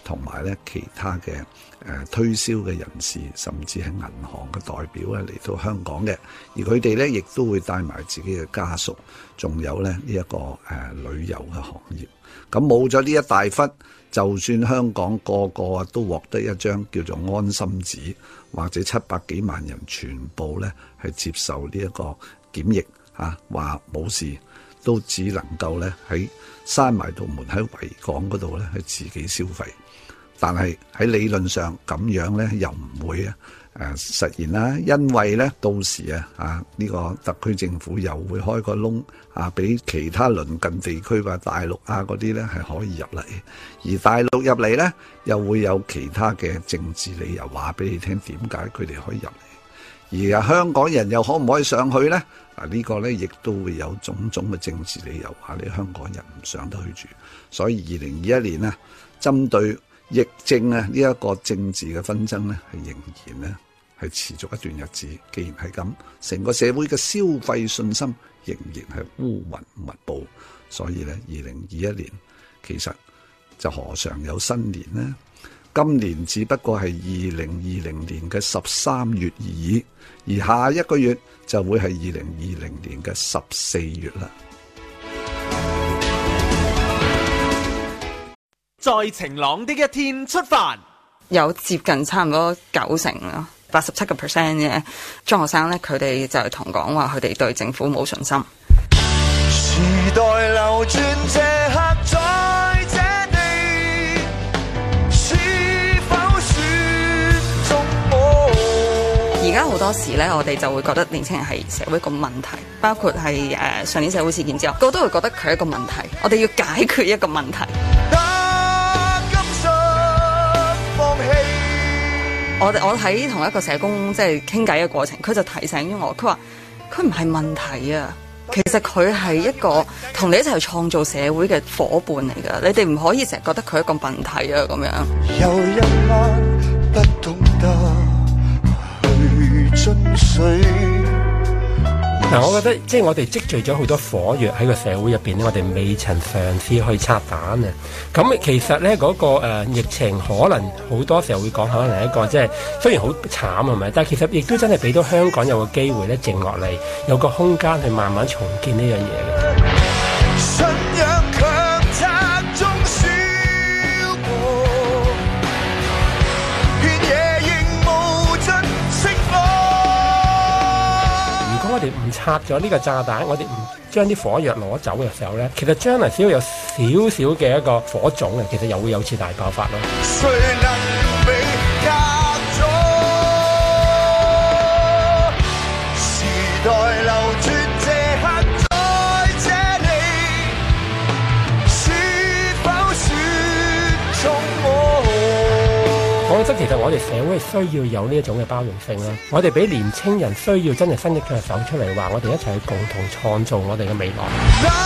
同埋咧其他嘅誒、呃、推銷嘅人士，甚至係銀行嘅代表啊嚟到香港嘅，而佢哋咧亦都會帶埋自己嘅家屬，仲有咧呢一、這個誒、呃、旅遊嘅行業。咁冇咗呢一大忽，就算香港個個都獲得一張叫做安心紙，或者七百幾萬人全部咧係接受呢一個檢疫嚇，話、啊、冇事。都只能夠咧喺閂埋道門，喺維港嗰度咧去自己消費，但係喺理論上咁樣咧又唔會啊誒實現啦，因為咧到時啊啊呢個特區政府又會開個窿啊，俾其他鄰近地區或大陸啊嗰啲咧係可以入嚟，而大陸入嚟咧又會有其他嘅政治理由話俾你聽點解佢哋可以入嚟。而啊，香港人又可唔可以上去咧？嗱，呢個咧亦都會有種種嘅政治理由，話你香港人唔上得去住。所以二零二一年啊，針對疫症啊呢一個政治嘅紛爭咧，係仍然咧係持續一段日子。既然係咁，成個社會嘅消費信心仍然係烏雲密布，所以咧二零二一年其實就何嘗有新年咧？今年只不過係二零二零年嘅十三月而已，而下一個月就會係二零二零年嘅十四月啦。在晴朗的一天出發，有接近差唔多九成咯，八十七個 percent 嘅中學生咧，佢哋就同講話，佢哋對政府冇信心。時代流轉多時咧，我哋就會覺得年輕人係社會一個問題，包括係誒、呃、上年社會事件之後，我都會覺得佢一個問題，我哋要解決一個問題。放我我喺同一個社工即係傾偈嘅過程，佢就提醒咗我，佢話佢唔係問題啊，其實佢係一個同你一齊創造社會嘅伙伴嚟噶，你哋唔可以成日覺得佢一個問題啊，咁樣。有一不懂得。嗱、啊，我覺得即係我哋積聚咗好多火藥喺個社會入邊咧，我哋未曾嘗試去拆彈啊！咁其實咧嗰、那個誒、呃、疫情可能好多時候會講，可能一個即係雖然好慘係咪？但係其實亦都真係俾到香港有個機會咧，靜落嚟有個空間去慢慢重建呢樣嘢嘅。拆咗呢個炸彈，我哋唔將啲火藥攞走嘅時候呢，其實將來只要有少少嘅一個火種啊，其實又會有次大爆發咯。即其實我哋社會需要有呢一種嘅包容性啦，我哋畀年青人需要真係伸出雙手出嚟，話，我哋一齊去共同創造我哋嘅未來。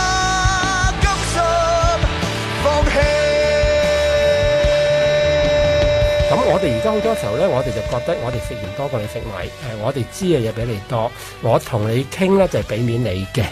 我哋而家好多時候呢，我哋就覺得我哋食鹽多過你食米，誒，我哋知嘅嘢比你多，我同你傾呢，就係俾面你嘅，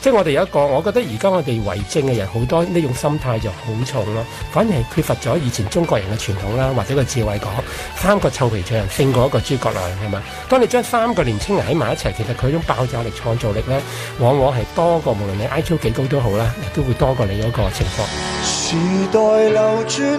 即係我哋有一個，我覺得而家我哋為政嘅人好多呢種心態就好重咯，反而係缺乏咗以前中國人嘅傳統啦，或者個智慧講三個臭皮匠勝過一個諸葛亮係嘛？當你將三個年青人喺埋一齊，其實佢種爆炸力、創造力呢，往往係多過無論你 IQ 幾高都好啦，都會多過你嗰個情況。時代流轉。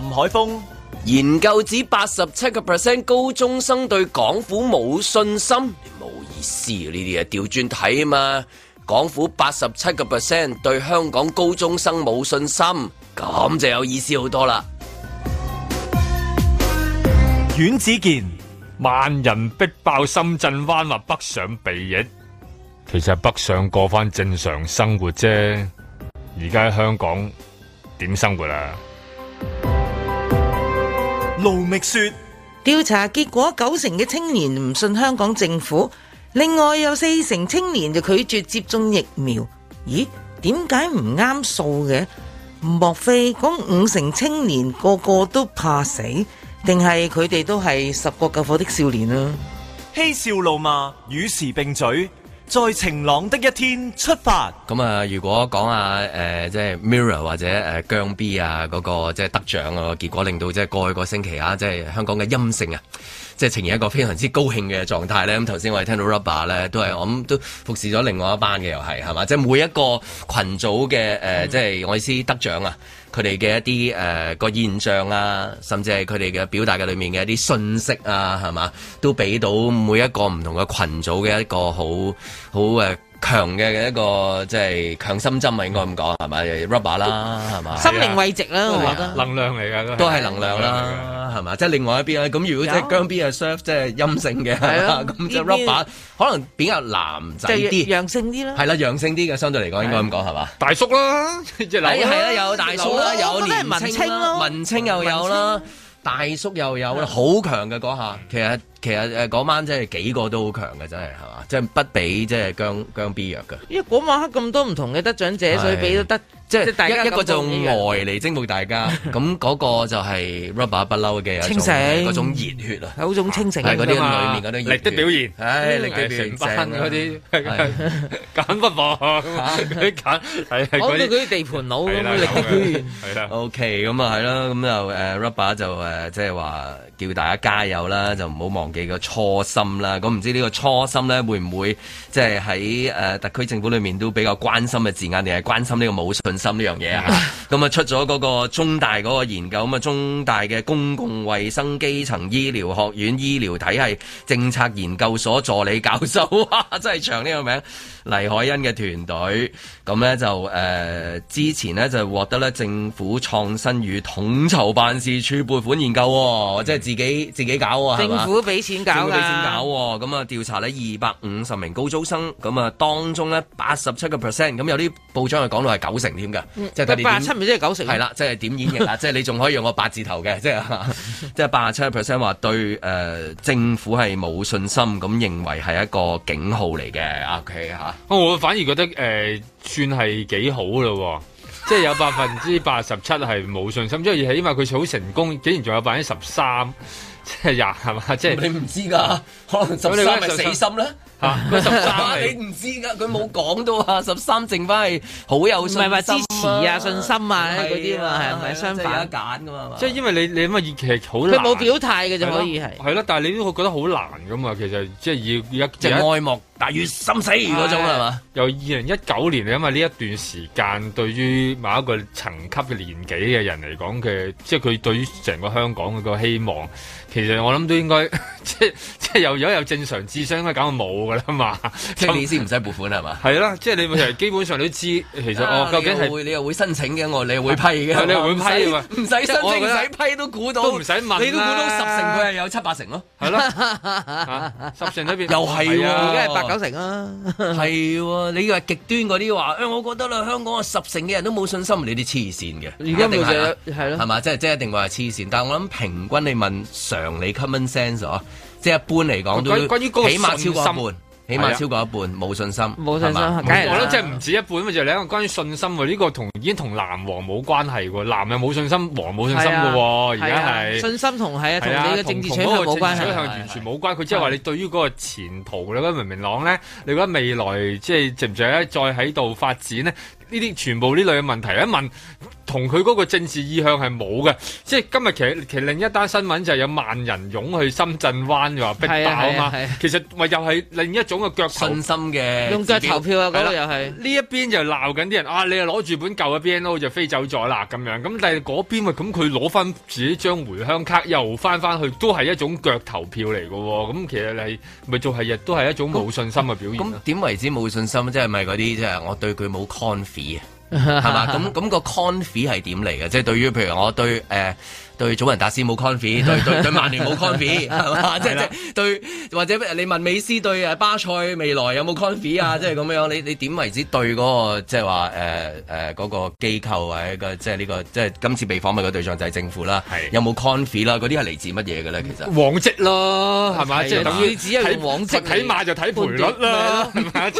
林海峰研究指八十七個 percent 高中生對港府冇信心，冇意思。呢啲嘢調轉睇啊嘛，港府八十七個 percent 對香港高中生冇信心，咁就有意思好多啦。阮子健萬人逼爆深圳灣話北上避疫，其實北上過翻正常生活啫。而家喺香港點生活啊？盧覓雪：調查結果，九成嘅青年唔信香港政府，另外有四成青年就拒絕接種疫苗。咦？點解唔啱數嘅？莫非講五成青年個個都怕死，定係佢哋都係十個救火的少年啊？嬉笑怒罵，與時並舉。在晴朗的一天出發。咁啊，如果講下誒，即、呃、係、就是、Mirror 或者誒、呃、姜 B 啊，嗰、那個即係、就是、得獎啊，結果令到即係過去個星期啊，即、就、係、是、香港嘅音性啊，即、就、係、是、呈現一個非常之高興嘅狀態咧。咁頭先我哋聽到 Rubber 咧，都係我諗都服侍咗另外一班嘅，又係係嘛？即、就、係、是、每一個群組嘅誒，即、呃、係、就是、我意思得獎啊！佢哋嘅一啲誒、呃、個現象啊，甚至係佢哋嘅表達嘅裏面嘅一啲信息啊，係嘛，都俾到每一個唔同嘅群組嘅一個好好誒。強嘅嘅一個即係強心針啊，應該咁講係咪 rubber 啦，係嘛，心靈慰藉啦，我覺得能量嚟噶，都係能量啦，係嘛，即係另外一邊啦，咁如果即係姜 B 嘅 surf 即係陰性嘅，係咁即係 rubber 可能比較男仔啲，陽性啲啦，係啦，陽性啲嘅相對嚟講應該咁講係嘛，大叔啦，即係係啦，有大叔啦，有年青啦，文青又有啦，大叔又有，好強嘅嗰下，其實。其實誒嗰晚真係幾個都好強嘅，真係係嘛，即係不比即係姜姜 B 弱嘅。因為嗰晚黑咁多唔同嘅得獎者，所以俾都得即係大家一個就愛嚟征服大家。咁嗰個就係 Rubber 不嬲嘅清醒嗰種熱血啊，嗰種清醒啊，嗰啲裏面嗰啲力的表現，唉，力的表現，嗰啲簡不防，嗰啲講到嗰啲地盤佬咁力的表現。OK，咁啊係啦，咁就誒 Rubber 就誒即係話叫大家加油啦，就唔好忘。嘅初心啦，咁唔知呢個初心呢會唔會即係喺誒特區政府裏面都比較關心嘅字眼，定係關心呢、呢個冇信心呢樣嘢啊？咁啊 出咗嗰個中大嗰個研究，咁啊中大嘅公共衛生基層醫療學院醫療體系政策研究所助理教授，嘩，真係長呢個名。黎海恩嘅團隊咁咧就誒、呃、之前呢就獲得咧政府創新與統籌辦事處撥款研究，嗯、即係自己自己搞。政府俾錢，錢搞，政府俾錢搞。咁啊、哦，調查呢二百五十名高中生，咁、嗯、啊當中咧八十七個 percent，咁有啲報章又講到係九成添嘅，即係八十七唔知係九成。係啦，即、就、係、是、點演繹啦，即係你仲可以用個八字頭嘅，即係即係八十七個 percent 話對、呃、政府係冇信心，咁認為係一個警號嚟嘅。O.K. 嚇。哦、我反而覺得誒、呃、算係幾好咯，即係有百分之八十七係冇信心，即係起碼佢好成功，竟然仲有百分之十三，即係廿係嘛？即係你唔知㗎，可能你咪死心啦。啊！十三你唔知噶，佢冇講到啊。十三剩翻係好有信係支持啊，信心啊嗰啲嘛，係咪相反一揀噶嘛？即係因為你你咁啊，演劇好難。佢冇表態嘅就可以係係啦，但係你都會覺得好難噶嘛？其實即係要一即係愛莫，大於心死嗰種係嘛？由二零一九年，因為呢一段時間，對於某一個層級嘅年紀嘅人嚟講嘅，即係佢對於成個香港嘅個希望，其實我諗都應該。即係即係又如果有正常智商，咁搞到冇噶啦嘛！即係你先唔使撥款係嘛？係啦，即你基本上都知，其實我究竟係你又會你又會申請嘅我，你又會批嘅，你會批嘅，唔使申請唔使批都估到，都唔使問你都估到十成佢係有七八成咯，係咯，十成都變又係啊，而家係八九成啊，係喎！你話極端嗰啲話，誒我覺得啦，香港十成嘅人都冇信心，你啲黐線嘅，而家冇寫係咯，係嘛？即係即係一定話係黐線，但我諗平均你問常理 common sense 啊。即係一般嚟講都，關於個起碼超過一半，起碼超過一半冇、啊、信心，冇吧信心，梗係啦。我覺得即係唔止一半，咪就係兩個關於信心喎。呢個同已經同藍黃冇關係喎，藍又冇信心，黃、這、冇、個、信心嘅。而家係信心同係啊，同你嘅政治取向冇關係。取向完全冇關，佢即係話你對於嗰個前途咧，你明唔明朗咧？你覺得未來、就是、即係值唔值咧？再喺度發展呢？呢啲全部呢類嘅問題一問。同佢嗰個政治意向係冇嘅，即係今日其實其另一單新聞就係有萬人擁去深圳灣話逼爆啊嘛，啊啊啊啊啊其實咪又係另一種嘅腳信心嘅用腳投票啊，嗰個又係呢一邊就鬧緊啲人啊，你又攞住本舊嘅 B N O 就飛走咗啦咁樣，咁但係嗰邊咪咁佢攞翻自己張回鄉卡又翻翻去，都係一種腳投票嚟嘅喎，咁其實你咪仲係亦都係一種冇信心嘅表現？咁點為止冇信心？即係咪嗰啲即係我對佢冇 confi 係嘛？咁咁、 個 confi 係點嚟嘅？即、就、係、是、對於譬如我對誒。呃對祖雲達斯冇 confi，對對對曼聯冇 confi，係嘛？即係對或者你問美斯對誒巴塞未來有冇 confi 啊？即係咁樣，你你點為止對嗰個即係話誒誒嗰個機構或者個即係呢個即係今次被訪問嘅對象就係政府啦，有冇 confi 啦？嗰啲係嚟自乜嘢嘅咧？其實黃績咯，係咪？即係睇指啊，黃績睇馬就睇賠率啦，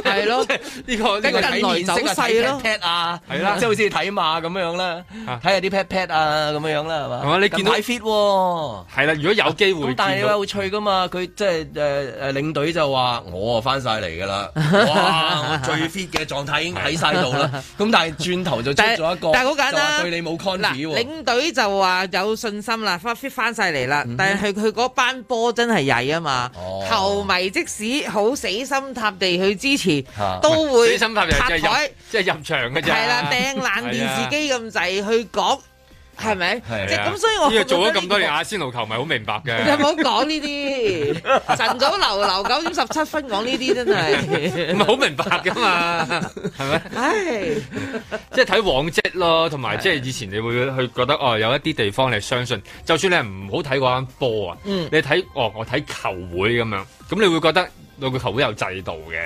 係咯。呢個睇近來走勢咯，係啦，即係好似睇馬咁樣啦，睇下啲 pat pat 啊咁樣啦，係嘛？見到你 fit 喎，係啦，如果有機會，但係有趣噶嘛？佢即係誒誒領隊就話：我啊翻晒嚟噶啦，最 fit 嘅狀態已經喺晒度啦。咁但係轉頭就做咗一個，就話對你冇 control 喎。領隊就話有信心啦，翻 fit 翻晒嚟啦。但係佢嗰班波真係曳啊嘛，球迷即使好死心塌地去支持，都會死心塌地，即係入場嘅啫。係啦，掟爛電視機咁滯去講。係咪？即係咁，啊、所以我做咗咁多年、呢個、阿仙奴球迷，好明白嘅。你唔好講呢啲晨早流流九點十七分講呢啲，真係唔係好明白噶嘛？係咪？唉！即係睇往績咯，同埋即係以前你會去覺得哦，有一啲地方你相信，就算你唔好睇嗰間波啊，嗯、你睇哦，我睇球會咁樣，咁你會覺得。個球會有制度嘅，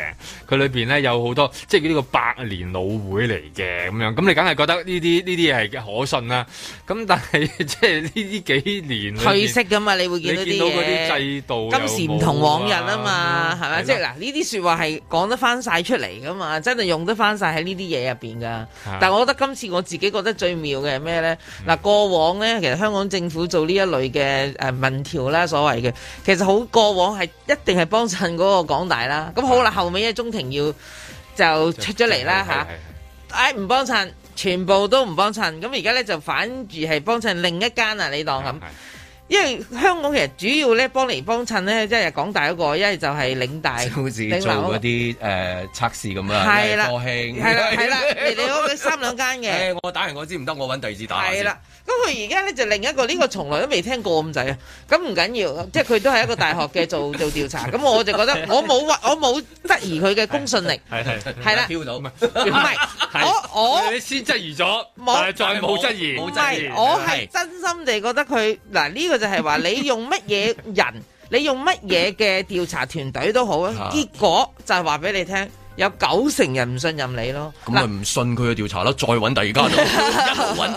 佢裏邊咧有好多，即係呢個百年老會嚟嘅咁樣。咁你梗係覺得呢啲呢啲嘢係可信啦。咁但係即係呢啲幾年退色噶嘛？你會見到啲嘢制度有有今時唔同往日啊嘛，係咪、嗯？即係嗱呢啲説話係講得翻晒出嚟噶嘛，真係用得翻晒喺呢啲嘢入邊噶。的但係我覺得今次我自己覺得最妙嘅係咩咧？嗱、嗯，過往咧其實香港政府做呢一類嘅誒民調啦，所謂嘅其實好過往係一定係幫襯嗰個，港大啦，咁好啦，後尾咧鍾庭耀就出咗嚟啦吓，唉，唔幫襯，全部都唔幫襯，咁而家咧就反而係幫襯另一間啊，你當咁，因為香港其實主要咧幫嚟幫襯咧，即係港大嗰個，一係就係領大，好似做嗰啲誒測試咁樣。國慶係啦係啦，你屋企三兩間嘅，我打完我知唔得，我揾第二支打。咁佢而家咧就另一個呢個從來都未聽過咁滯啊！咁唔緊要，即係佢都係一個大學嘅做做調查，咁我就覺得我冇話我冇質疑佢嘅公信力，係係係啦，跳到唔係我我你先質疑咗，冇再冇質疑，我係真心地覺得佢嗱呢個就係話你用乜嘢人，你用乜嘢嘅調查團隊都好啊，結果就係話俾你聽。有九成人唔信任你咯，咁咪唔信佢嘅調查咯，再揾第二間都，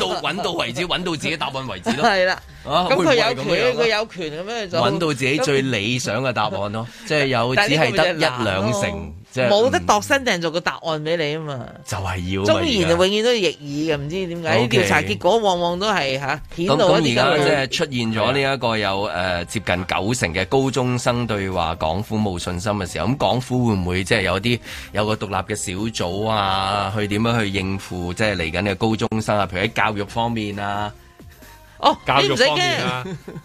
一揾到揾到為止，揾到自己答案為止咯。係啦 了，咁佢、啊、有權，佢有權咁樣揾到自己最理想嘅答案咯，即係 有只係得一兩成。 冇即得度身訂造個答案俾你啊嘛，就係要，忠言永遠都係逆耳嘅，唔知點解啲調查結果往往都係吓偏到一啲咁。而家即係出現咗呢一個有誒、呃、接近九成嘅高中生對話港府冇信心嘅時候，咁港府會唔會即係有啲有個獨立嘅小組啊，去點樣去應付即係嚟緊嘅高中生啊？譬如喺教育方面啊。哦，教育方面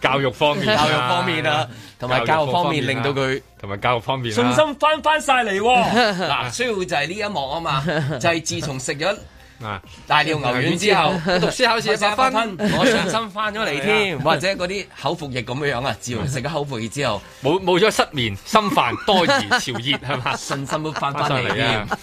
教育方面，教育方面啊，同埋教育方面，令到佢同埋教育方面，信心翻翻晒嚟。嗱，需要就係呢一幕啊嘛，就係自從食咗大料牛丸之後，讀書考試一百分，我信心翻咗嚟添。或者嗰啲口服液咁樣樣啊，自從食咗口服液之後，冇冇咗失眠、心煩、多疑、潮熱係嘛，信心都翻翻嚟啊！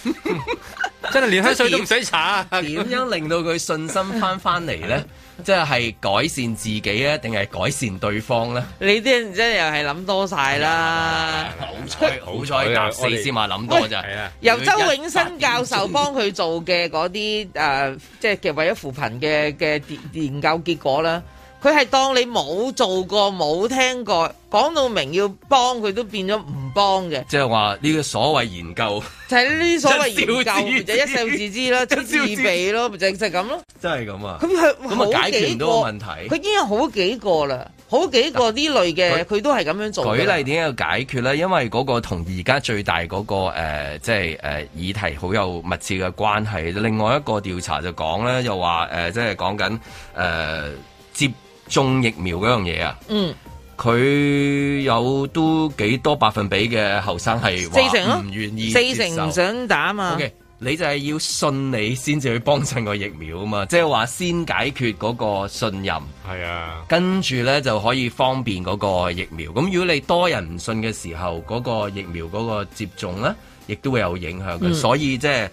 真係連香水都唔使搽。點樣令到佢信心翻翻嚟咧？即係改善自己咧，定係改善對方咧？你啲真又係諗多晒啦！ 好彩好彩，答 們四先話諗多咋？啊、由周永新教授幫佢做嘅嗰啲誒，即係嘅為咗扶貧嘅嘅研究結果啦。佢係當你冇做過冇聽過，講到明要幫佢都變咗唔幫嘅。即係話呢個所謂研究， 就係呢啲所謂研究，就一笑自知啦，即 自備咯，咪 就係咁咯。真係咁啊！咁佢解決唔到問題，佢已經有好幾個啦，好幾個呢類嘅，佢他都係咁樣做。舉例點解要解決咧？因為嗰個同而家最大嗰個誒，即係誒議題好有密切嘅關係。另外一個調查就講咧，又話誒，即係講緊誒接種疫苗嗰樣嘢啊。嗯，佢有都幾多百分比嘅後生係四成唔願意四成唔、啊、想打啊嘛。O、okay, K，你就係要信你先至去幫襯個疫苗啊嘛，即係話先解決嗰個信任，係啊，跟住咧就可以方便嗰個疫苗。咁如果你多人唔信嘅時候，嗰、嗰個疫苗嗰個接種咧，亦都會有影響嘅。嗯、所以即係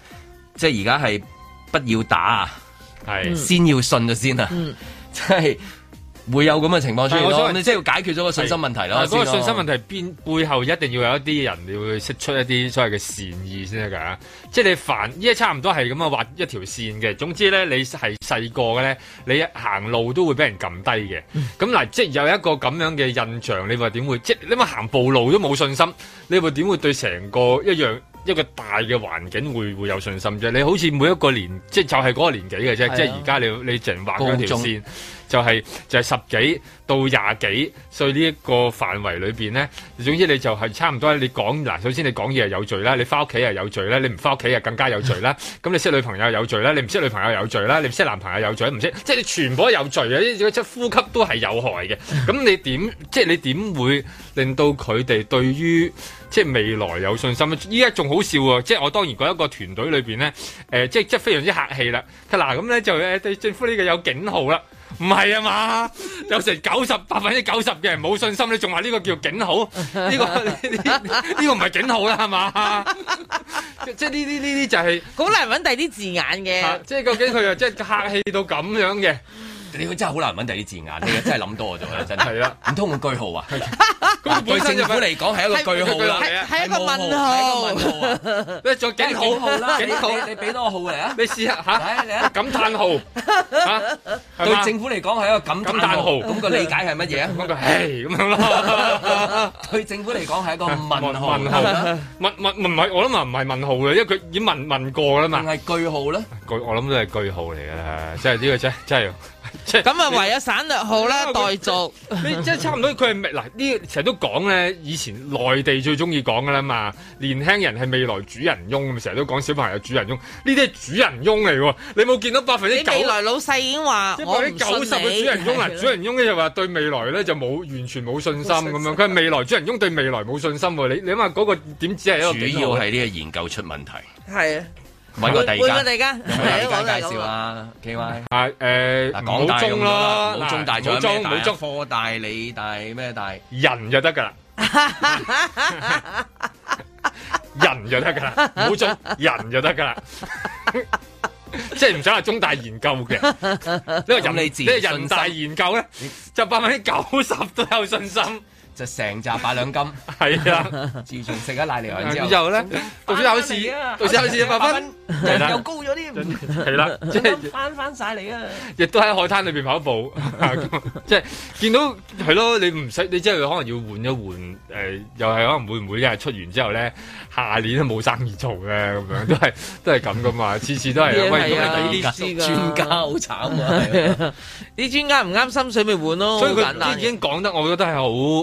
即係而家係不要打啊，係、嗯、先要信咗先啊，即係、嗯。 即係會有咁嘅情況出現，我想問你，即係要解決咗個信心問題咯。嗰對說個信心問題邊背後一定要有一啲人，你要識出一啲所謂嘅善意先得噶。即係你凡依家差唔多係咁啊，畫一條線嘅。總之咧，你係細個嘅咧，你行路都會俾人撳低嘅。咁嗱、嗯，即係有一個咁樣嘅印象，你話點會？即你咪行步路都冇信心，你會點會對成個一樣一個大嘅環境會會有信心啫？你好似每一個年，即係就係嗰個年紀嘅啫。啊、即係而家你你淨畫一條線。就係、係、就係、係、十幾到廿幾歲呢一個範圍裏面咧，總之你就係差唔多。你講嗱，首先你講嘢係有罪啦，你翻屋企係有罪啦，你唔翻屋企又更加有罪啦。咁 你識女朋友有罪啦，你唔識女朋友有罪啦，你唔識男朋友有罪唔識，罪識即係你全部都有罪嘅。即呼吸都係有害嘅。咁 你點即係你點會令到佢哋對於即係未來有信心？依家仲好笑喎、哦，即係我當然嗰一個團隊裏面咧、呃，即係即非常之客氣啦。嗱咁咧就誒對、哎、政府呢個有警號啦。唔係啊嘛，有成九十百分之九十嘅人冇信心，你仲話呢個叫警號？呢、呢個呢 個唔係警號啦，係嘛、 就係 啊？即係呢呢呢啲就係好難揾第二啲字眼嘅。即係究竟佢又即係客氣到咁樣嘅？你真係好難揾第二字眼，你真係諗多咗啦！真係唔通個句號啊？對政府嚟講係一個句號啦，係一個問號。咩？再幾號號啦？幾號？你俾多個號嚟啊？你試下嚇！嚟啊！感嘆號嚇！對政府嚟講係一個感嘆號。咁個理解係乜嘢啊？咁個唉咁樣咯。對政府嚟講係一個問號。問號啦？問問唔係我諗話唔係問號啦，因為佢已經問問過啦嘛。係句號咧？句我諗都係句號嚟嘅啦，即係呢個真真係。咁啊，唯有省略號啦，代續。即係差唔多，佢係嗱呢成日都講咧，以前內地最中意講噶啦嘛，年輕人係未來主人翁，咁成日都講小朋友主人翁，呢啲係主人翁嚟喎。你冇見到百分之九？你未來老細已經話我唔信你。百分之九十嘅主人翁啦是的 主人翁咧就話對未來咧就冇完全冇信心咁樣。佢係信未來主人翁對未來冇信心。你你諗下嗰個點只係一個主要係呢個研究出問題。係啊。揾個第二個，揾個第二個係啊！介紹啊，K Y，係誒，廣大咯，冇中大，中冇中，冇中科大，理大咩大，人就得噶啦，人就得噶啦，冇中人就得噶啦，即係唔想話中大研究嘅，呢個任你自。呢個人大研究咧，就百分九十都有信心，就成扎八兩金，係啊！自從食咗奶牛羊之後咧，到書考試，到書考試百分。又高咗啲，係啦，即係翻翻晒嚟啊！亦、就是、都喺海灘裏邊跑步，即係、 就是、見到係咯，你唔使，你即係可能要換一換，誒、呃，又係可能會唔會因為出完之後咧，下年都冇生意做嘅咁樣，都係都係咁噶嘛，次次都係 喂，都啲書，專家好慘啊！啲專的的 家唔啱心水咪換咯，所以佢啲已經講得我覺得係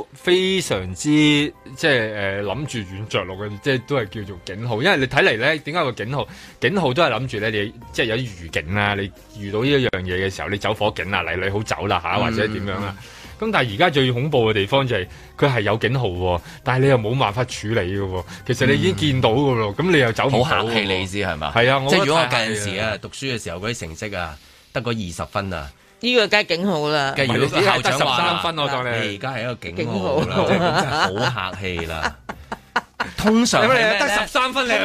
好非常之即係誒諗住軟着落嘅，即係、呃、都係叫做警號，因為你睇嚟咧，點解有個警號？警號都係諗住咧，你即係有啲預警啦。你遇到呢一樣嘢嘅時候，你走火警啊，嚟你好走啦吓，或者點樣啊？咁但係而家最恐怖嘅地方就係佢係有警號喎，但係你又冇辦法處理嘅喎。其實你已經見到㗎咯，咁你又走唔到。好客氣你意思係嘛？係啊，我即係如果我近時啊，讀書嘅時候嗰啲成績啊，得個二十分啊，呢個梗係警號啦。如果個校長話得十三分，我當你而家係一個警號啦，真係好客氣啦。是是通常你得十三分，你你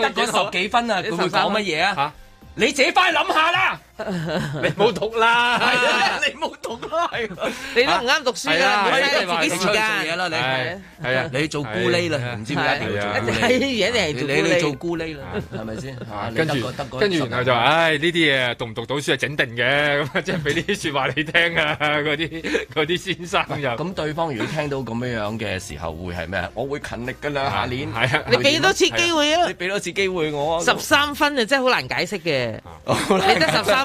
得嗰十幾分啊，佢會講乜嘢啊？吓，你自己快諗下啦！你冇讀啦，你冇讀啦，係你都唔啱讀書啦，你揸住自己時間做嘢啦，你係啊，你做咕喱啦，唔知點解啲嘢你係做咕喱啦，係咪先？跟住跟住，然後就話，唉呢啲嘢讀唔讀到書係整定嘅。咁啊即係俾啲說話你聽啊，嗰啲、嗰啲先生又咁對方如果聽到咁樣樣嘅時候會係咩？我會勤力噶啦，下年係啊，你俾多次機會啊，你俾多次機會我啊，十三分啊真係好難解釋嘅，你得十三。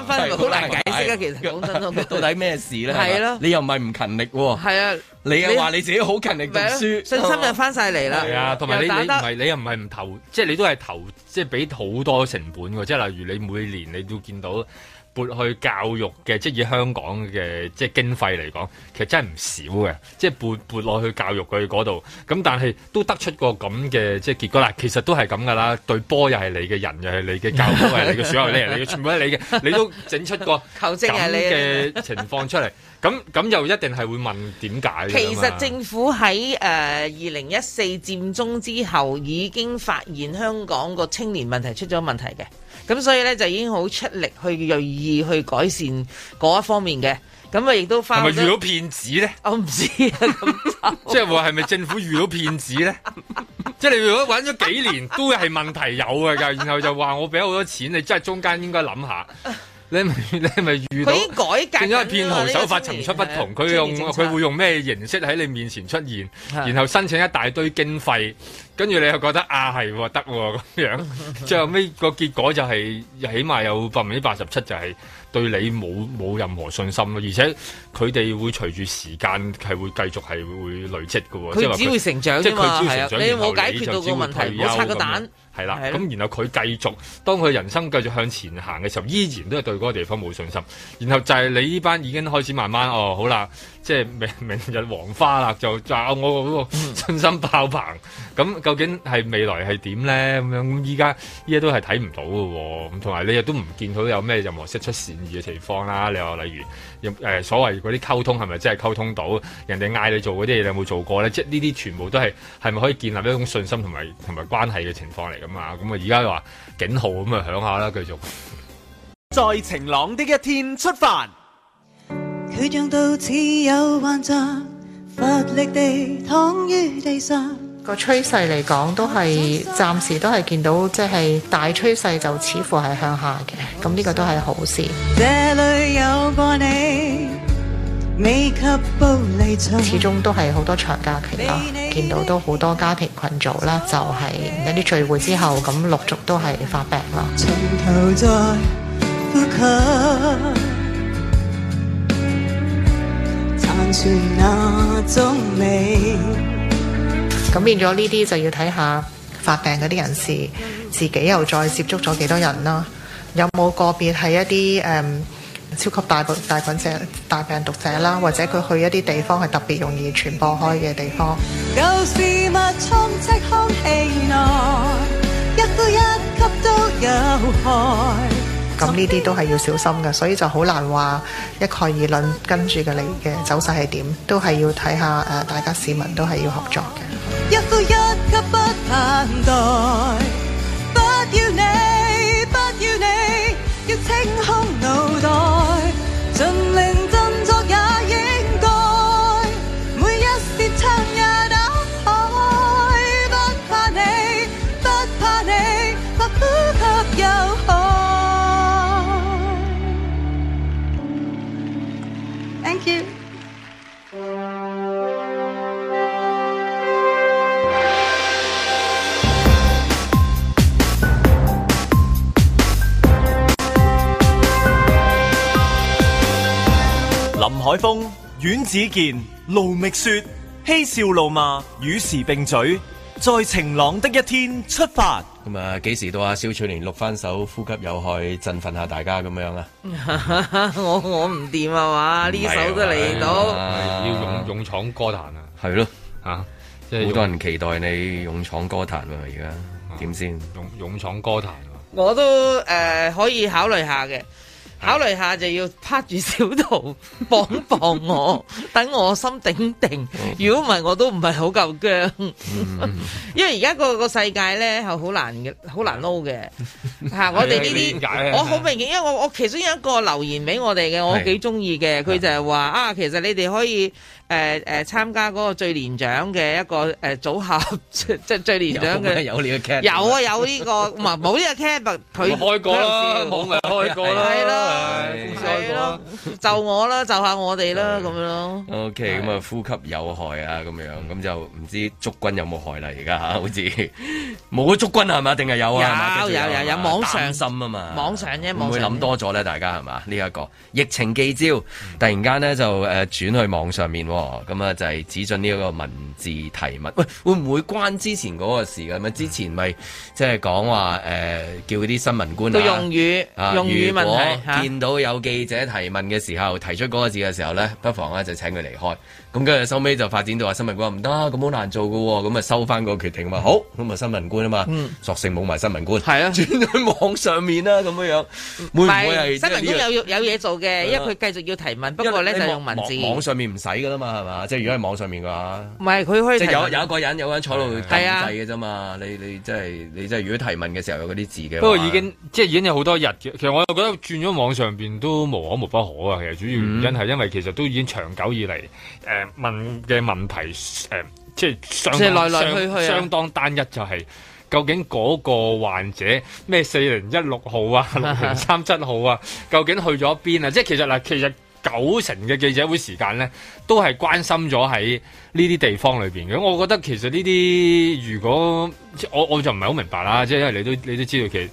好難解釋啊，其實講真 到底咩事咧？係咯，你又唔係唔勤力喎？係啊，你又話你自己好勤力讀書，信心就翻晒嚟啦。係啊，同埋你你唔係你又唔係唔投，即係你都係投，即係俾好多成本喎。即係例如你每年你都見到。撥去教育嘅，即以香港嘅即係經費嚟講，其實真係唔少嘅，即係撥撥落去教育佢嗰度。咁但係都得出個咁嘅即係結果啦。其實都係咁㗎啦，對波又係你嘅，人又係你嘅，教育係你嘅所有嘢， 你嘅全部係你嘅，你都整出個咁嘅情況出嚟。咁咁又一定係會問點解？其實政府喺誒二零一四佔中之後已經發現香港個青年問題出咗問題嘅。咁所以咧就已經好出力去銳意去改善嗰一方面嘅，咁啊亦都翻。係咪遇到騙子咧？我唔知，啊，即係話係咪政府遇到騙子咧？即係 你如果揾咗幾年 都係問題有啊㗎，然後就話我俾咗好多錢，你真係中間應該諗下。你係咪你咪遇到？佢改革，咗為騙徒手法層出不窮，佢的用佢會用咩形式喺你面前出現，然後申請一大堆經費。的跟住你又覺得啊，係得咁樣，最後尾個結果就係、是、起碼有百分之八十七就係對你冇冇任何信心咯，而且佢哋會隨住時間係會繼續係會累積㗎喎，即係話佢只會成長，即係佢成長完、啊、後你就只會冇解決到個問題拆個蛋，係啦樣。咁、啊、然後佢繼續當佢人生繼續向前行嘅時候，依然都係對嗰個地方冇信心。然後就係你呢班已經開始慢慢哦，好啦。即係明明日黃花啦，就炸我嗰個信心爆棚。咁究竟係未來係點咧？咁樣咁依家依家都係睇唔到嘅。咁同埋你亦都唔見到有咩任何釋出善意嘅情況啦。你話例如所謂嗰啲溝通係咪真係溝通到？人哋嗌你做嗰啲嘢你有冇做過咧？即係呢啲全部都係係咪可以建立一種信心同埋同埋關係嘅情況嚟㗎嘛？咁啊而家話警號咁啊響下啦，繼續 在晴朗的一天出發。個趨勢嚟講，都係暫時都係見到，即係大趨勢就似乎係向下嘅。咁呢個都係好事。是好事始終都係好多長假期啦，你見到都好多家庭群組啦，你就係一啲聚會之後，咁陸續都係發病啦。咁變咗呢啲就要睇下發病嗰啲人士自己又再接觸咗幾多人啦，有冇個別係一啲誒、嗯、超級大菌大菌者、大病毒者啦，或者佢去一啲地方係特別容易傳播開嘅地方。事物充斥空氣內，一呼一吸都有害。咁呢啲都係要小心嘅，所以就好難話一概而論，跟住嘅嚟嘅走勢係點都係要睇下誒，大家市民都係要合作嘅。一呼一吸不要你不要你要清空腦袋阮子健盧覓雪、嬉笑怒罵與時並嘴，在晴朗的一天出發。咁啊，幾時到啊？蕭翠蓮錄翻首《呼吸有害》，振奮下大家咁樣 啊！我我唔掂啊嘛，呢首都嚟到，啊、要勇勇闖歌壇啊！係咯了，吓、啊，即係好多人期待你勇闖歌壇啊！而家點先？勇勇闖歌壇、啊，我都誒、呃、可以考慮下嘅。考慮下就要拍住小圖幫幫我，等 我心定定。如果唔係，我都唔係好夠薑，嗯、 因為而家個個世界咧係好難嘅，好難撈嘅。吓， 我哋呢啲，我好明顯，因為我我其中有一個留言俾我哋嘅，我幾中意嘅。佢的就係話啊，其實你哋可以。誒誒，參加嗰個最年長嘅一個誒組合，即最年長嘅有呢個 c a p 有啊有呢個，唔係冇呢個 c a p 啊佢開過啦，冇咪開過啦，係咯，開過就我啦，就下我哋啦，咁樣咯。O K，咁啊呼吸有害啊，咁樣咁就唔知竹菌有冇害啦，而家好似冇竹菌係嘛，定係有啊？有有有有網上滲啊嘛，網上啫，唔會諗多咗咧，大家係嘛？呢一個疫情記招，突然間咧就誒轉去網上面。哦，咁啊就係指進呢一個文字提問，喂，會唔會關之前嗰個事噶？咁啊、嗯、之前咪即係講話誒，叫啲新聞官啊，都用語用語問題，見到有記者提問嘅時候，啊、提出嗰個字嘅時候咧，不妨咧、啊、就請佢離開。咁跟住收尾就發展到話新聞官唔得，咁好難做㗎喎、啊，咁咪收返個決定嘛？好，咁咪新聞官啊嘛，索性冇埋新聞官，係啊、嗯，轉去網上面啦咁樣樣，嗯、會唔會係新聞官有有嘢做嘅？啊、因為佢繼續要提問，啊、不過咧就用文字。網，網上面唔使㗎喇嘛，係嘛？即係如果喺網上面嘅話，唔係佢可以即、啊、有有一個人有個人坐喺度睇嘅啫嘛。你真你即係你即係如果提問嘅時候有嗰啲字嘅。不過已經即係已經有好多日，其實我又覺得轉咗網上邊都無可無不可啊。其實主要原因係因為其實都已經長久以嚟誒。呃問嘅問題，誒、呃，即係相嚟嚟去去，相當單一，就是，就係究竟嗰個患者咩四零一六號啊，六零三七號啊， 究竟去咗邊啊？即係其實嗱，其實九成嘅記者會時間咧，都係關心咗喺呢啲地方裏邊嘅。我覺得其實呢啲，如果我我就唔係好明白啦，即係因為你都你都知道，其實。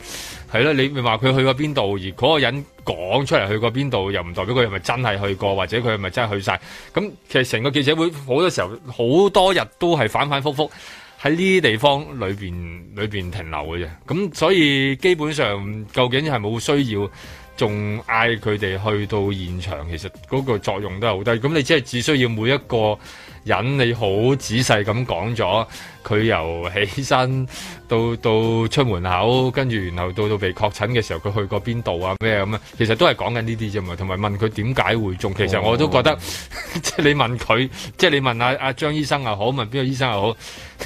係啦，你咪話佢去過邊度，而嗰個人講出嚟去過邊度，又唔代表佢係咪真係去過，或者佢係咪真係去晒。咁其實成個記者會好多時候好多日都係反反覆覆喺呢啲地方裏面裏邊停留嘅啫。咁所以基本上究竟係冇需要，仲嗌佢哋去到現場，其實嗰個作用都係好低。咁你只係只需要每一個人，你好仔細咁講咗，佢又起身。到到出門口，跟住然後到到被確診嘅時候，佢去過邊度啊？咩咁啊？其實都係講緊呢啲啫嘛，同埋問佢點解會中。其實我都覺得，即係、哦哦、 你問佢，即係你問下、啊、阿張醫生又好，問邊個醫生又好，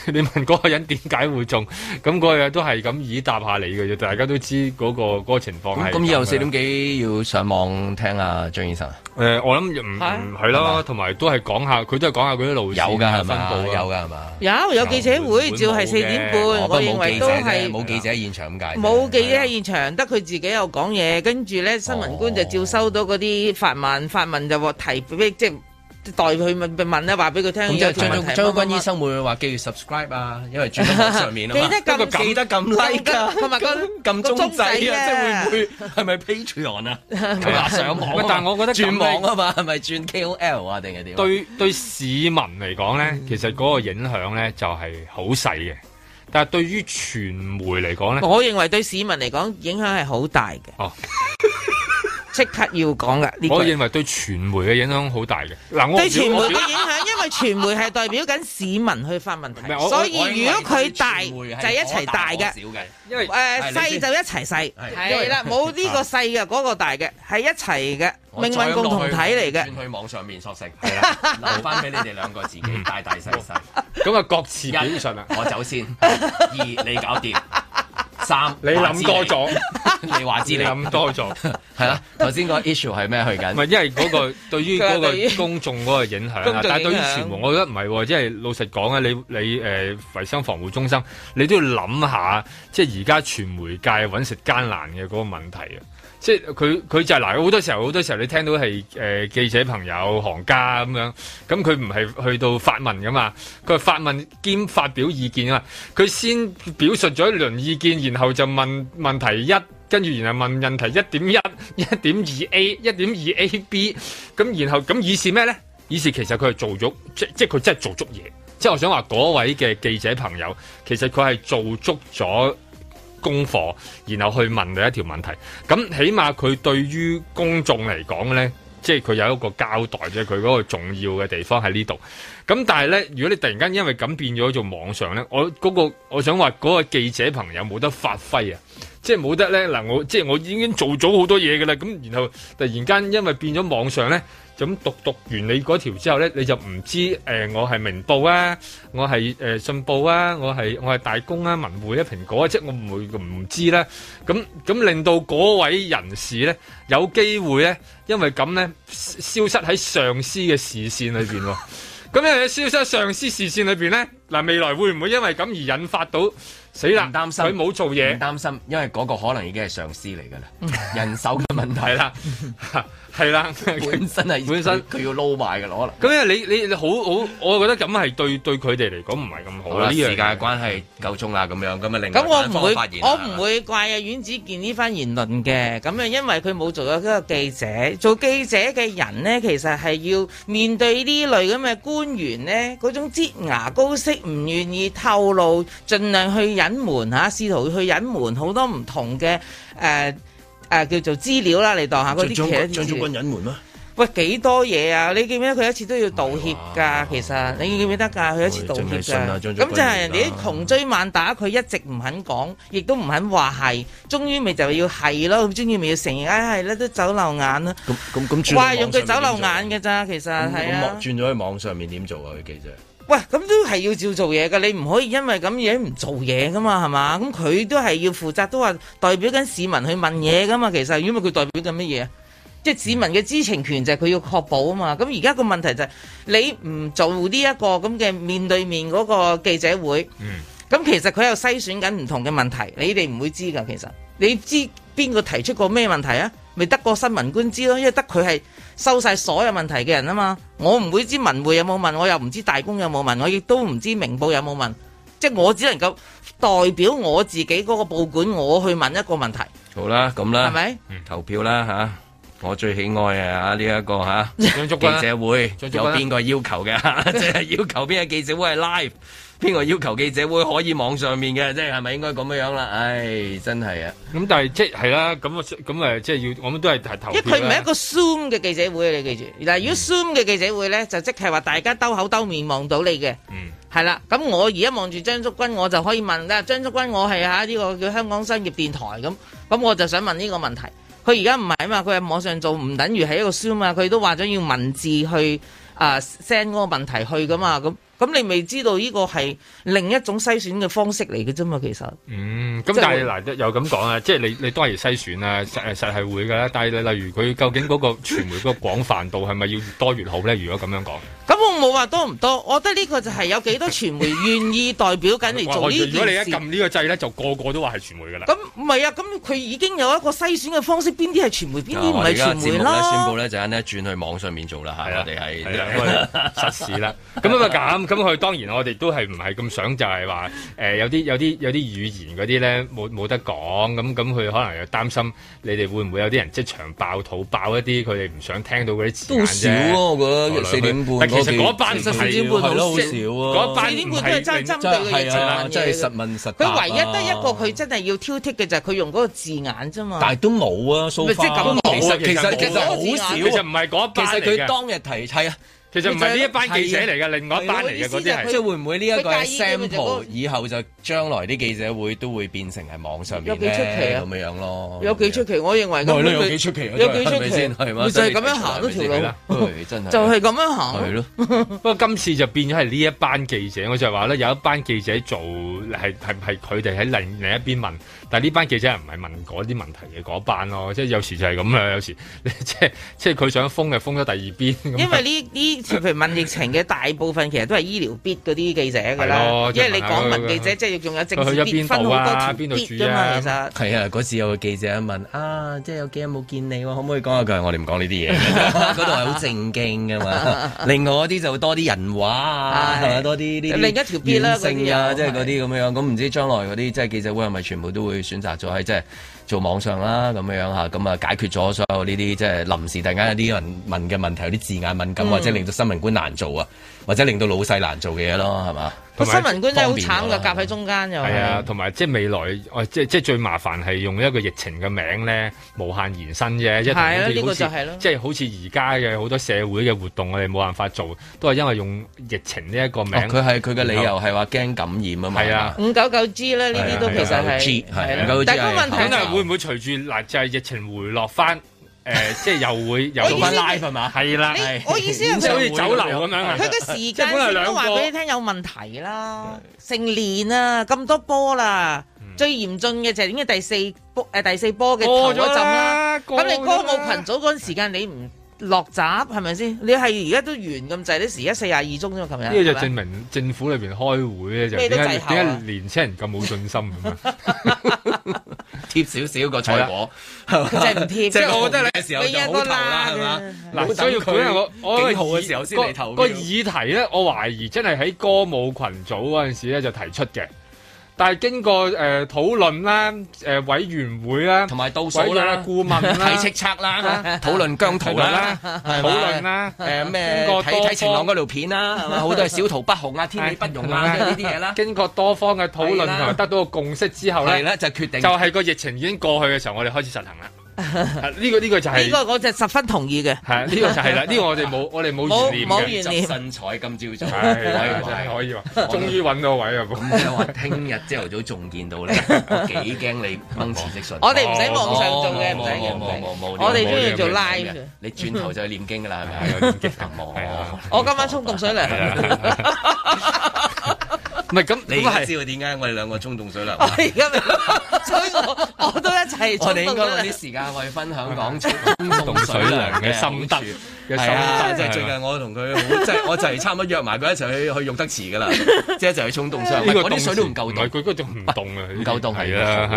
你問嗰個人點解會中，咁嗰日都係咁以答下你嘅啫。大家都知嗰、嗰個嗰個情況。咁以後四點幾要上網聽阿、啊、張醫生？誒、呃，我諗唔唔係咯，同埋都係講下，佢都係講下嗰啲路有嘅、啊、有嘅嘛？有有記者會，照係四點半。哦。因為都係冇記者喺現場咁解，冇記者喺現場，得佢自己又講嘢，跟住咧新聞官就照收到嗰啲發問，發問就話提即係代佢問問咧話俾佢聽。咁即係張君醫生會唔會話記住 subscribe 啊？因為轉網上面啊嘛記得咁記得咁 like 㗎，同埋中撳鐘仔啊，會唔會係咪 patreon 啊？琴上網，但係我覺得轉網啊嘛，係咪轉 KOL 啊定係點？對對市民嚟講咧，其實嗰個影響咧就係好細嘅。但係對於傳媒嚟講呢，我認為對市民嚟講影響係好大嘅。Oh. 即刻要講嘅，我認為對傳媒嘅影響好大嘅。嗱，對傳媒嘅影響，因為傳媒係代表緊市民去發問題，所以如果佢大就一齊大嘅，因為誒細就一齊細，係啦，冇呢個細嘅嗰個大嘅係一齊嘅，命運共同體嚟嘅。轉去網上面索性係啦，留翻俾你哋兩個自己大大細細。咁啊，各自表述啦。一，我走先，二你搞掂，三你諗多咗，你話知你諗多咗。係啦，頭先、啊、個 issue 係咩去緊？唔係，因為嗰個對於嗰個公眾嗰個影響啊。 影響但係對於傳媒，我覺得唔係、啊，即係老實講啊，你你誒衛、呃、生防護中心，你都要諗下，即係而家傳媒界揾食艱難嘅嗰個問題啊！即係佢佢就係、是、嗱，好多時候好多時候你聽到係誒、呃、記者朋友、行家咁樣，咁佢唔係去到發問噶嘛，佢發問兼發表意見啊嘛，佢先表述咗一輪意見，然後就問問題一。跟住然後問問題一點一一點二 A 一點二 AB 咁然後咁意思咩呢？意思其實佢係做足，即即佢真係做足嘢。即我想話嗰位嘅記者朋友，其實佢係做足咗功課，然後去問你一條問題。咁起碼佢對於公眾嚟講呢，即佢有一個交代啫。佢嗰個重要嘅地方喺呢度。咁但係呢，如果你突然間因為咁變咗做網上呢，我嗰個我想話嗰個記者朋友冇得發揮啊！即係冇得咧，嗱我即係我已經做咗好多嘢㗎啦，咁然後突然間因為變咗網上咧，咁讀讀完你嗰條之後咧，你就唔知誒、呃、我係明報啊，我係誒、呃、信報啊，我係我係大公啊，文匯啊，蘋果啊，即係我唔會唔知啦。咁咁令到嗰位人士咧有機會咧，因為咁咧消失喺上司嘅視線裏邊。咁因為消失喺上司視線裏邊咧，嗱未來會唔會因為咁而引發到？死啦！唔擔心，佢冇做嘢，唔擔心，因為嗰個可能已經係上司嚟㗎啦， 人手嘅問題啦。 係啦，本身係本身佢要撈埋嘅可能。咁啊，你你你好好，我覺得咁係對對佢哋嚟講唔係咁好啦。呢個時間嘅關係，夠鐘啦咁樣，咁啊，令另一方發言。我唔會我唔會怪啊，阮子健呢番言論嘅。咁啊，因為佢冇做咗一個記者，做記者嘅人呢，其實係要面對呢類咁嘅官員呢，嗰種擠牙膏式，唔願意透露，儘量去隱瞞吓，試圖去隱瞞好多唔同嘅誒。誒、啊、叫做資料啦，你當下嗰啲嘅嘢，就張俊君隱瞞咩？喂幾多嘢啊？你記唔記得佢一次都要道歉㗎？其實你記唔記得㗎？佢一次道歉嘅，咁、哎、就係人哋窮追猛打，佢、啊、一直唔肯講，亦都唔肯話係，終於咪就係要係咯？佢終於咪要承認係咧，都走漏眼啦。咁咁咁，怪用佢走漏眼嘅咋？其實係啊，轉咗喺網上面點做啊？佢記者。喂，咁都係要照做嘢噶，你唔可以因為咁嘢唔做嘢噶嘛，係嘛？咁佢都係要負責，都話代表緊市民去問嘢噶嘛。其實，如果佢代表緊乜嘢？即係市民嘅知情權就係佢要確保啊嘛。咁而家個問題就係你唔做呢一個咁嘅面對面嗰個記者會，咁，嗯，其實佢又篩選緊唔同嘅問題，你哋唔會知噶。其實你知邊個提出過咩問題啊？咪得個新聞官知咯，因為得佢係收曬所有問題嘅人啊嘛。我唔會知文匯有冇問，我又唔知大公有冇問，我亦都唔知明報有冇問。即係我只能夠代表我自己嗰個報館，我去問一個問題。好啦，咁啦，係咪投票啦嚇？我最喜愛啊！啊呢一個嚇記者會有邊個要求嘅？即係要求邊個記者會係 live？邊個要求記者會可以網上面嘅，即係咪應該咁樣樣啦？唉，真係啊！咁但係即係啦，咁咁誒，即係要，我們都係投。因為佢唔係一個 zoom 嘅記者會，你記住。但係如果 zoom 嘅記者會咧，嗯、就即係話大家兜口兜面望到你嘅，係啦、嗯。咁我而家望住張竹君，我就可以問啦張竹君，我係吓呢個叫香港商業電台咁，咁我就想問呢個問題。佢而家唔係啊嘛，佢喺網上做唔等於係一個 zoom 啊？佢都話咗要文字去啊 send 嗰個問題去噶嘛咁。咁你未知道呢個係另一種篩選嘅方式嚟嘅啫嘛，其實。嗯，咁但係嗱，又咁講啊，即係你你當然篩選啦，實係會㗎啦。但係你例如佢究竟嗰個傳媒嗰個廣泛度係咪要越多越好咧？如果咁樣講。咁我冇話多唔多，我覺得呢個就係有幾多傳媒願意代表緊嚟做呢件事。如果你一撳呢個掣咧，就個個都話係傳媒噶啦。咁唔係啊，咁佢已經有一個篩選嘅方式，邊啲係傳媒，邊啲唔係傳媒啦。我宣佈咧，就係轉去網上面做啦。嚇的，我哋係實事啦。咁啊咁，咁佢當然我哋都係唔係咁想就，就係話誒有啲有啲有啲語言嗰啲咧，冇冇得講。咁咁佢可能又擔心你哋會唔會有啲人即場爆肚爆一啲佢哋唔想聽到嗰啲字眼啫。少、啊、我覺得四點、哦、半。成嗰班其實四點半好少，嗰八點半都係真係針對嘅實問實答。佢唯一得一個，佢真係要挑剔嘅就係佢用嗰個字眼啫嘛。但係都冇啊，數翻都冇啊，其實其實其實好少，其實唔係嗰一班嚟嘅。其實唔係呢一班記者嚟嘅，另外一班嚟嘅嗰啲係，即係會唔會呢一個 sample 以後就將來啲記者會都會變成係網上邊咧咁樣咯？有幾出奇，我認為有幾出奇，有幾出奇先係嘛？就係咁樣行咗條路，真係就係咁樣行咯。不過今次就變咗係呢一班記者，我就話咧有一班記者做係係係佢哋喺另另一邊問。但係呢班記者係唔係問嗰啲問題嘅嗰班咯，即係有時就係咁啦。有時即係即係佢想封就封咗第二邊。因為呢呢譬如問疫情嘅大部分其實都係醫療 bit 嗰啲記者㗎啦，因為你講問記者即係仲有政治 bit 分好多條 bit 其實係啊，嗰時有個記者問啊，即係有幾日冇見你喎，可唔可以講一句我哋唔講呢啲嘢？嗰度係好正經㗎嘛。另外嗰啲就會多啲人話啊，係咪多啲啲另一條 bit 啦，咁即係嗰啲咁樣。咁唔知將來嗰啲即係記者會係咪全部都會？選擇咗喺即係做網上啦，咁樣樣嚇，咁就解決咗所有呢啲即係臨時突然間有啲人問嘅問題，有啲字眼敏感或者令到新聞官難做啊，或者令到老細難做嘅嘢咯，係嘛？個新聞官真係好慘㗎，夾喺中間又係啊，同埋即係未來，哦即即係最麻煩係用一個疫情嘅名咧，無限延伸啫。係啊，呢個就係咯。即係好似而家嘅好多社會嘅活動，我哋冇辦法做，都係因為用疫情呢一個名。佢係佢嘅理由係話驚感染啊嘛。係啊，五九九 G 啦，呢啲都其實係。但係個問題會唔會隨住嗱就係疫情回落翻？誒、 呃，即係又會又做翻 live 係嘛？係啦，我意思係佢好似酒樓咁樣。佢嘅 時間都我話俾你聽有問題啦， 成年啊，咁多波啦，嗯、最嚴重嘅就係點解第四波誒第四波嘅、啊、過咗陣啦。咁你歌舞群組嗰陣時，時間你唔落閘係咪先？你係而家都完咁滯，你時而家四十二宗啫嘛，琴日。呢個就證明政府裏邊開會咧，就點解年輕人咁冇信心咁 貼少少個賽果，係嘛？即係唔貼，即係我覺得你有時候冇頭是啦，係嘛？嗱，所以佢我景陶嘅時候先嚟投。個議題咧，我懷疑真係喺歌舞群組嗰陣時咧就提出嘅。但係經過誒討論啦，誒委員會啦，同埋到咗啦，顧問啦，睇政策啦，討論姜濤啦，討論啦，誒咩睇睇晴朗嗰條片啦，係咪好多係小圖不紅啊，天理不容啊呢啲嘢啦。經過多方嘅討論，得到個共識之後咧，就決定就係個疫情已經過去嘅時候，我哋開始實行啦。呢個呢個就係呢個，我就十分同意嘅。係呢個就係啦，呢個我哋冇我哋冇懸念嘅。冇懸念。神采今朝早，真係可以話，終於揾到位啊！咁即係話，聽日朝頭早仲見到你，幾驚你掹辭職信。我哋唔使網上做嘅，唔使嘅。我哋中意做 live 嘅。你轉頭就去念經噶啦，係咪？又念我今晚沖凍水嚟。唔係咁，你係知道點解我哋兩個衝凍水涼？係咁，所以我我都一齊。我哋應該有啲時間去分享講衝凍水涼嘅心得嘅心得。即係最近我同佢即係我就係差唔多約埋佢一齊去去用得遲㗎啦，即係一齊去衝凍水。唔係，我啲水都唔夠凍。佢嗰種唔凍啊，夠凍係啊，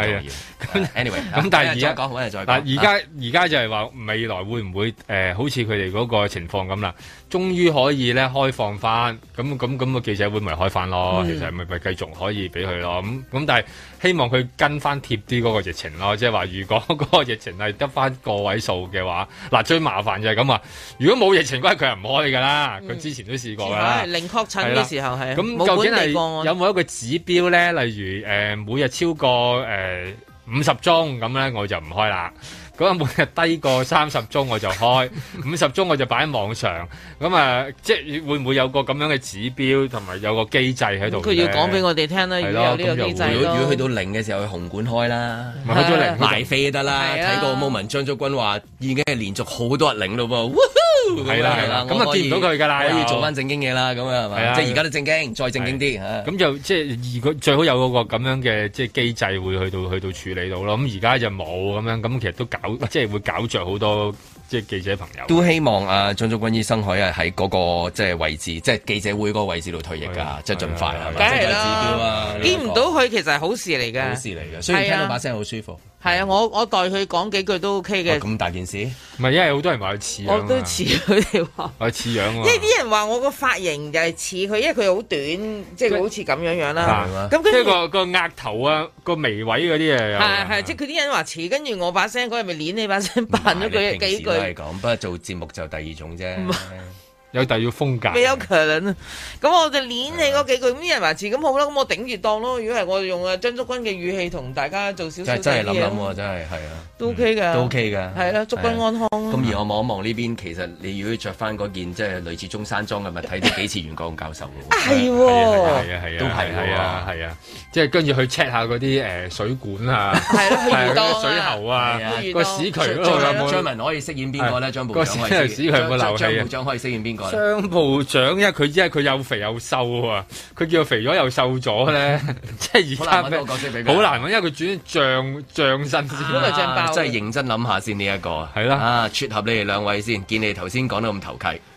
咁 anyway，咁但係而家講好，再而家而家就係話未來會唔會誒好似佢哋嗰個情況咁啦？終於可以咧開放翻，咁咁咁個記者會唔會開翻咯？咪咪繼續可以俾佢咯，咁咁但係希望佢跟翻貼啲嗰個疫情咯，即係話如果嗰個疫情係得翻個位數嘅話，嗱最麻煩就係咁啊！如果冇疫情，關係佢又唔開噶啦，佢之前都試過啦。嗯、零確診嘅時候係咁究竟係有冇一個指標咧？例如、呃、每日超過誒五十宗咁咧，我就唔開啦。嗰每日低過三十宗我就開，五十宗我就擺喺網上咁啊，即係會唔會有個咁樣嘅指標同埋有個機制喺度？佢要講俾我哋聽啦，咯如果有呢個機制如。如果去到零嘅時候，去紅館開啦，啊、去咗零買飛得啦，睇過 moment 張竹君話已經係連續好多日零嘞喎。 係啦，係啦，咁啊見唔到佢噶啦，可以做翻正經嘢啦，咁樣係咪？即係而家都正經，再正經啲咁就即係如果最好有嗰個咁樣嘅即係機制會去到去到處理到咯，咁而家就冇咁樣，咁其實都搞即係會搞着好多即係記者朋友。都希望啊張竹君醫生可以喺嗰個即係位置，即係記者會嗰個位置度退役噶，即係盡快啊，即係指標啊，見唔到佢其實係好事嚟嘅，好事嚟嘅。所以聽到把聲好舒服。係啊，我我代佢講幾句都 OK 嘅。咁、哦、大件事，唔係因為好多人話佢似，我都似佢哋話， 我似跟樣啊。是嗎即係啲人話我個髮型就係似佢，因為佢好短，即係好似咁樣樣啦。咁跟住個個額頭啊，個眉位嗰啲啊。係係，啊、嗎即係佢啲人話似，跟住我把聲嗰日咪捏你把聲是扮咗佢嘅幾句。平時都係講，不過做節目就第二種啫。不是 有第二個風格，未有強人，咁我就唸起嗰幾句，啲人話詞咁好啦，咁我頂住當咯。如果係我用啊張竹君嘅語氣同大家做少少，真係諗諗喎，真係係啊，都 OK 嘅，都 OK 嘅，係啦，竹君安康。咁而我望一望呢邊，其實你如果著翻嗰件即係類似中山裝嘅，咪睇咗幾次袁國勇教授咯。啊，係喎，係啊，係啊，都係係啊，係啊，即係跟住去 check 下嗰啲誒水管啊，係水喉啊，個屎渠張文可以飾演邊個咧？張部長可以飾演商部長，因為佢因為佢又肥又瘦啊，佢叫佢肥咗又瘦咗咧，即係而家好難揾，因為佢轉脹象身先，啊啊、真係認真諗下先呢、這、一個，係啦，啊，撮合你哋兩位先，見你哋頭先講得咁投契。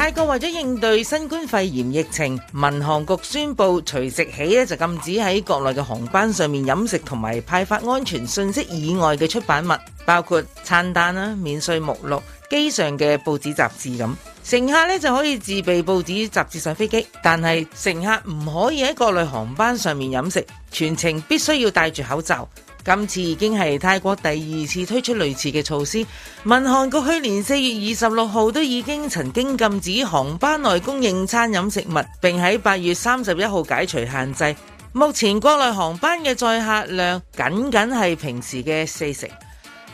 泰國為咗應對新冠肺炎疫情，民航局宣布，隨即起呢就禁止喺國內嘅航班上面飲食同埋派發安全信息以外嘅出版物，包括餐單啦、免稅目錄、機上嘅報紙雜誌咁。乘客呢就可以自備報紙雜誌上飛機，但係乘客唔可以喺國內航班上面飲食，全程必須要戴住口罩。今次已經係泰國第二次推出類似嘅措施。民航局去年四月二十六號都已經曾經禁止航班內供應餐飲食物，並喺八月三十一號解除限制。目前國內航班嘅載客量僅僅係平時嘅四成。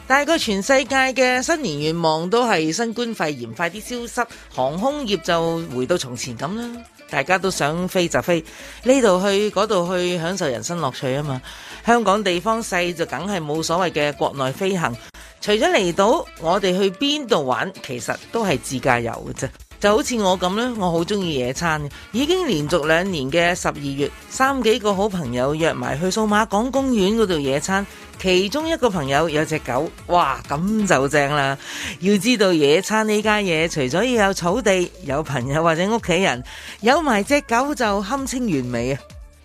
大概全世界嘅新年願望都係新冠肺炎快啲消失，航空業就回到從前咁啦。大家都想飛就飛，呢度去嗰度去享受人生樂趣啊嘛～香港地方細，就梗係冇所謂嘅國內飛行。除咗離島，我哋去邊度玩？其實都係自駕遊嘅啫。就好似我咁咧，我好中意野餐，已經連續兩年嘅十二月，三幾個好朋友約埋去數碼港公園嗰度野餐，其中一個朋友有隻狗，哇，咁就正啦。要知道野餐呢間嘢，除咗要有草地、有朋友或者屋企人，有埋隻狗就堪稱完美啊！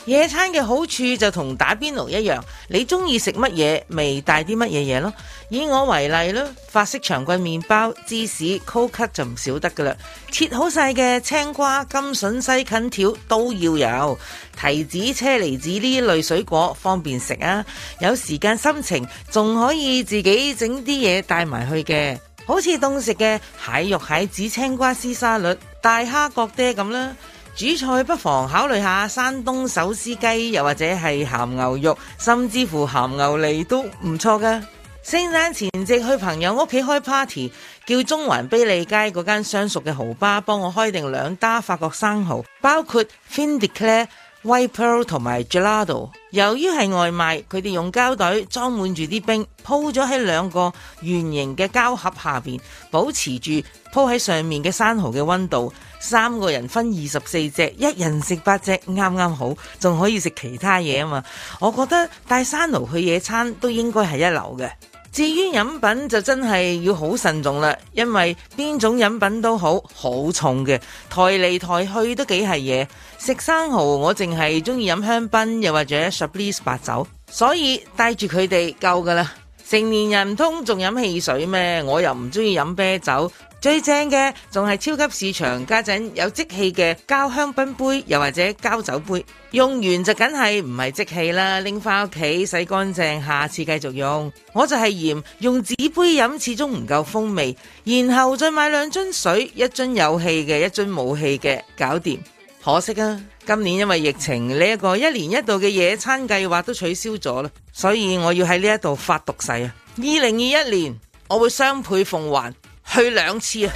野餐嘅好處就同打邊爐一樣，你中意食乜嘢，咪帶啲乜嘢嘢咯。以我為例咯，法式長棍麵包、芝士、cold cut 就唔少得噶啦。切好晒嘅青瓜、甘筍、西芹條都要有，提子、車厘子呢類水果方便食啊。有時間心情，仲可以自己整啲嘢帶埋去嘅，好似凍食嘅蟹肉蟹子、青瓜絲沙律、大蝦角爹咁啦。主菜不妨考慮一下山東手撕雞，又或者係咸牛肉，甚至乎咸牛脷都唔錯噶。聖誕前夕去朋友屋企開 party，叫中環卑利街嗰間相熟嘅蚝吧幫我開定兩打法國生蚝，包括 Fine de Claire、White Pearl 同埋 Gillardeau。由於係外賣，佢哋用膠袋裝滿住啲冰，鋪咗喺兩個圓形嘅膠盒下邊，保持住鋪喺上面嘅生蚝嘅温度。三個人分二十四隻，一人食八隻啱啱好，仲可以食其他嘢啊嘛！我覺得帶生蠔去野餐都應該係一流嘅。至於飲品就真係要好慎重啦，因為邊種飲品都好，好重嘅，抬嚟抬去都幾係嘢。食生蠔我淨係中意飲香檳，又或者 Chablis 白酒，所以帶住佢哋夠噶啦。成年人唔通仲飲汽水咩？我又唔中意飲啤酒，最正嘅仲係超級市場家陣有即棄嘅膠香檳杯，又或者膠酒杯，用完就梗係唔係即棄啦，拎返屋企洗乾淨，下次繼續用。我就係嫌用紙杯飲始終唔夠風味，然後再買兩樽水，一樽有氣嘅，一樽冇氣嘅，搞掂。可惜啊，今年因為疫情，呢一個一年一度嘅野餐計劃都取消咗啦，所以我要喺呢一度發毒誓啊！二零二一年我會雙倍奉還，去兩次啊！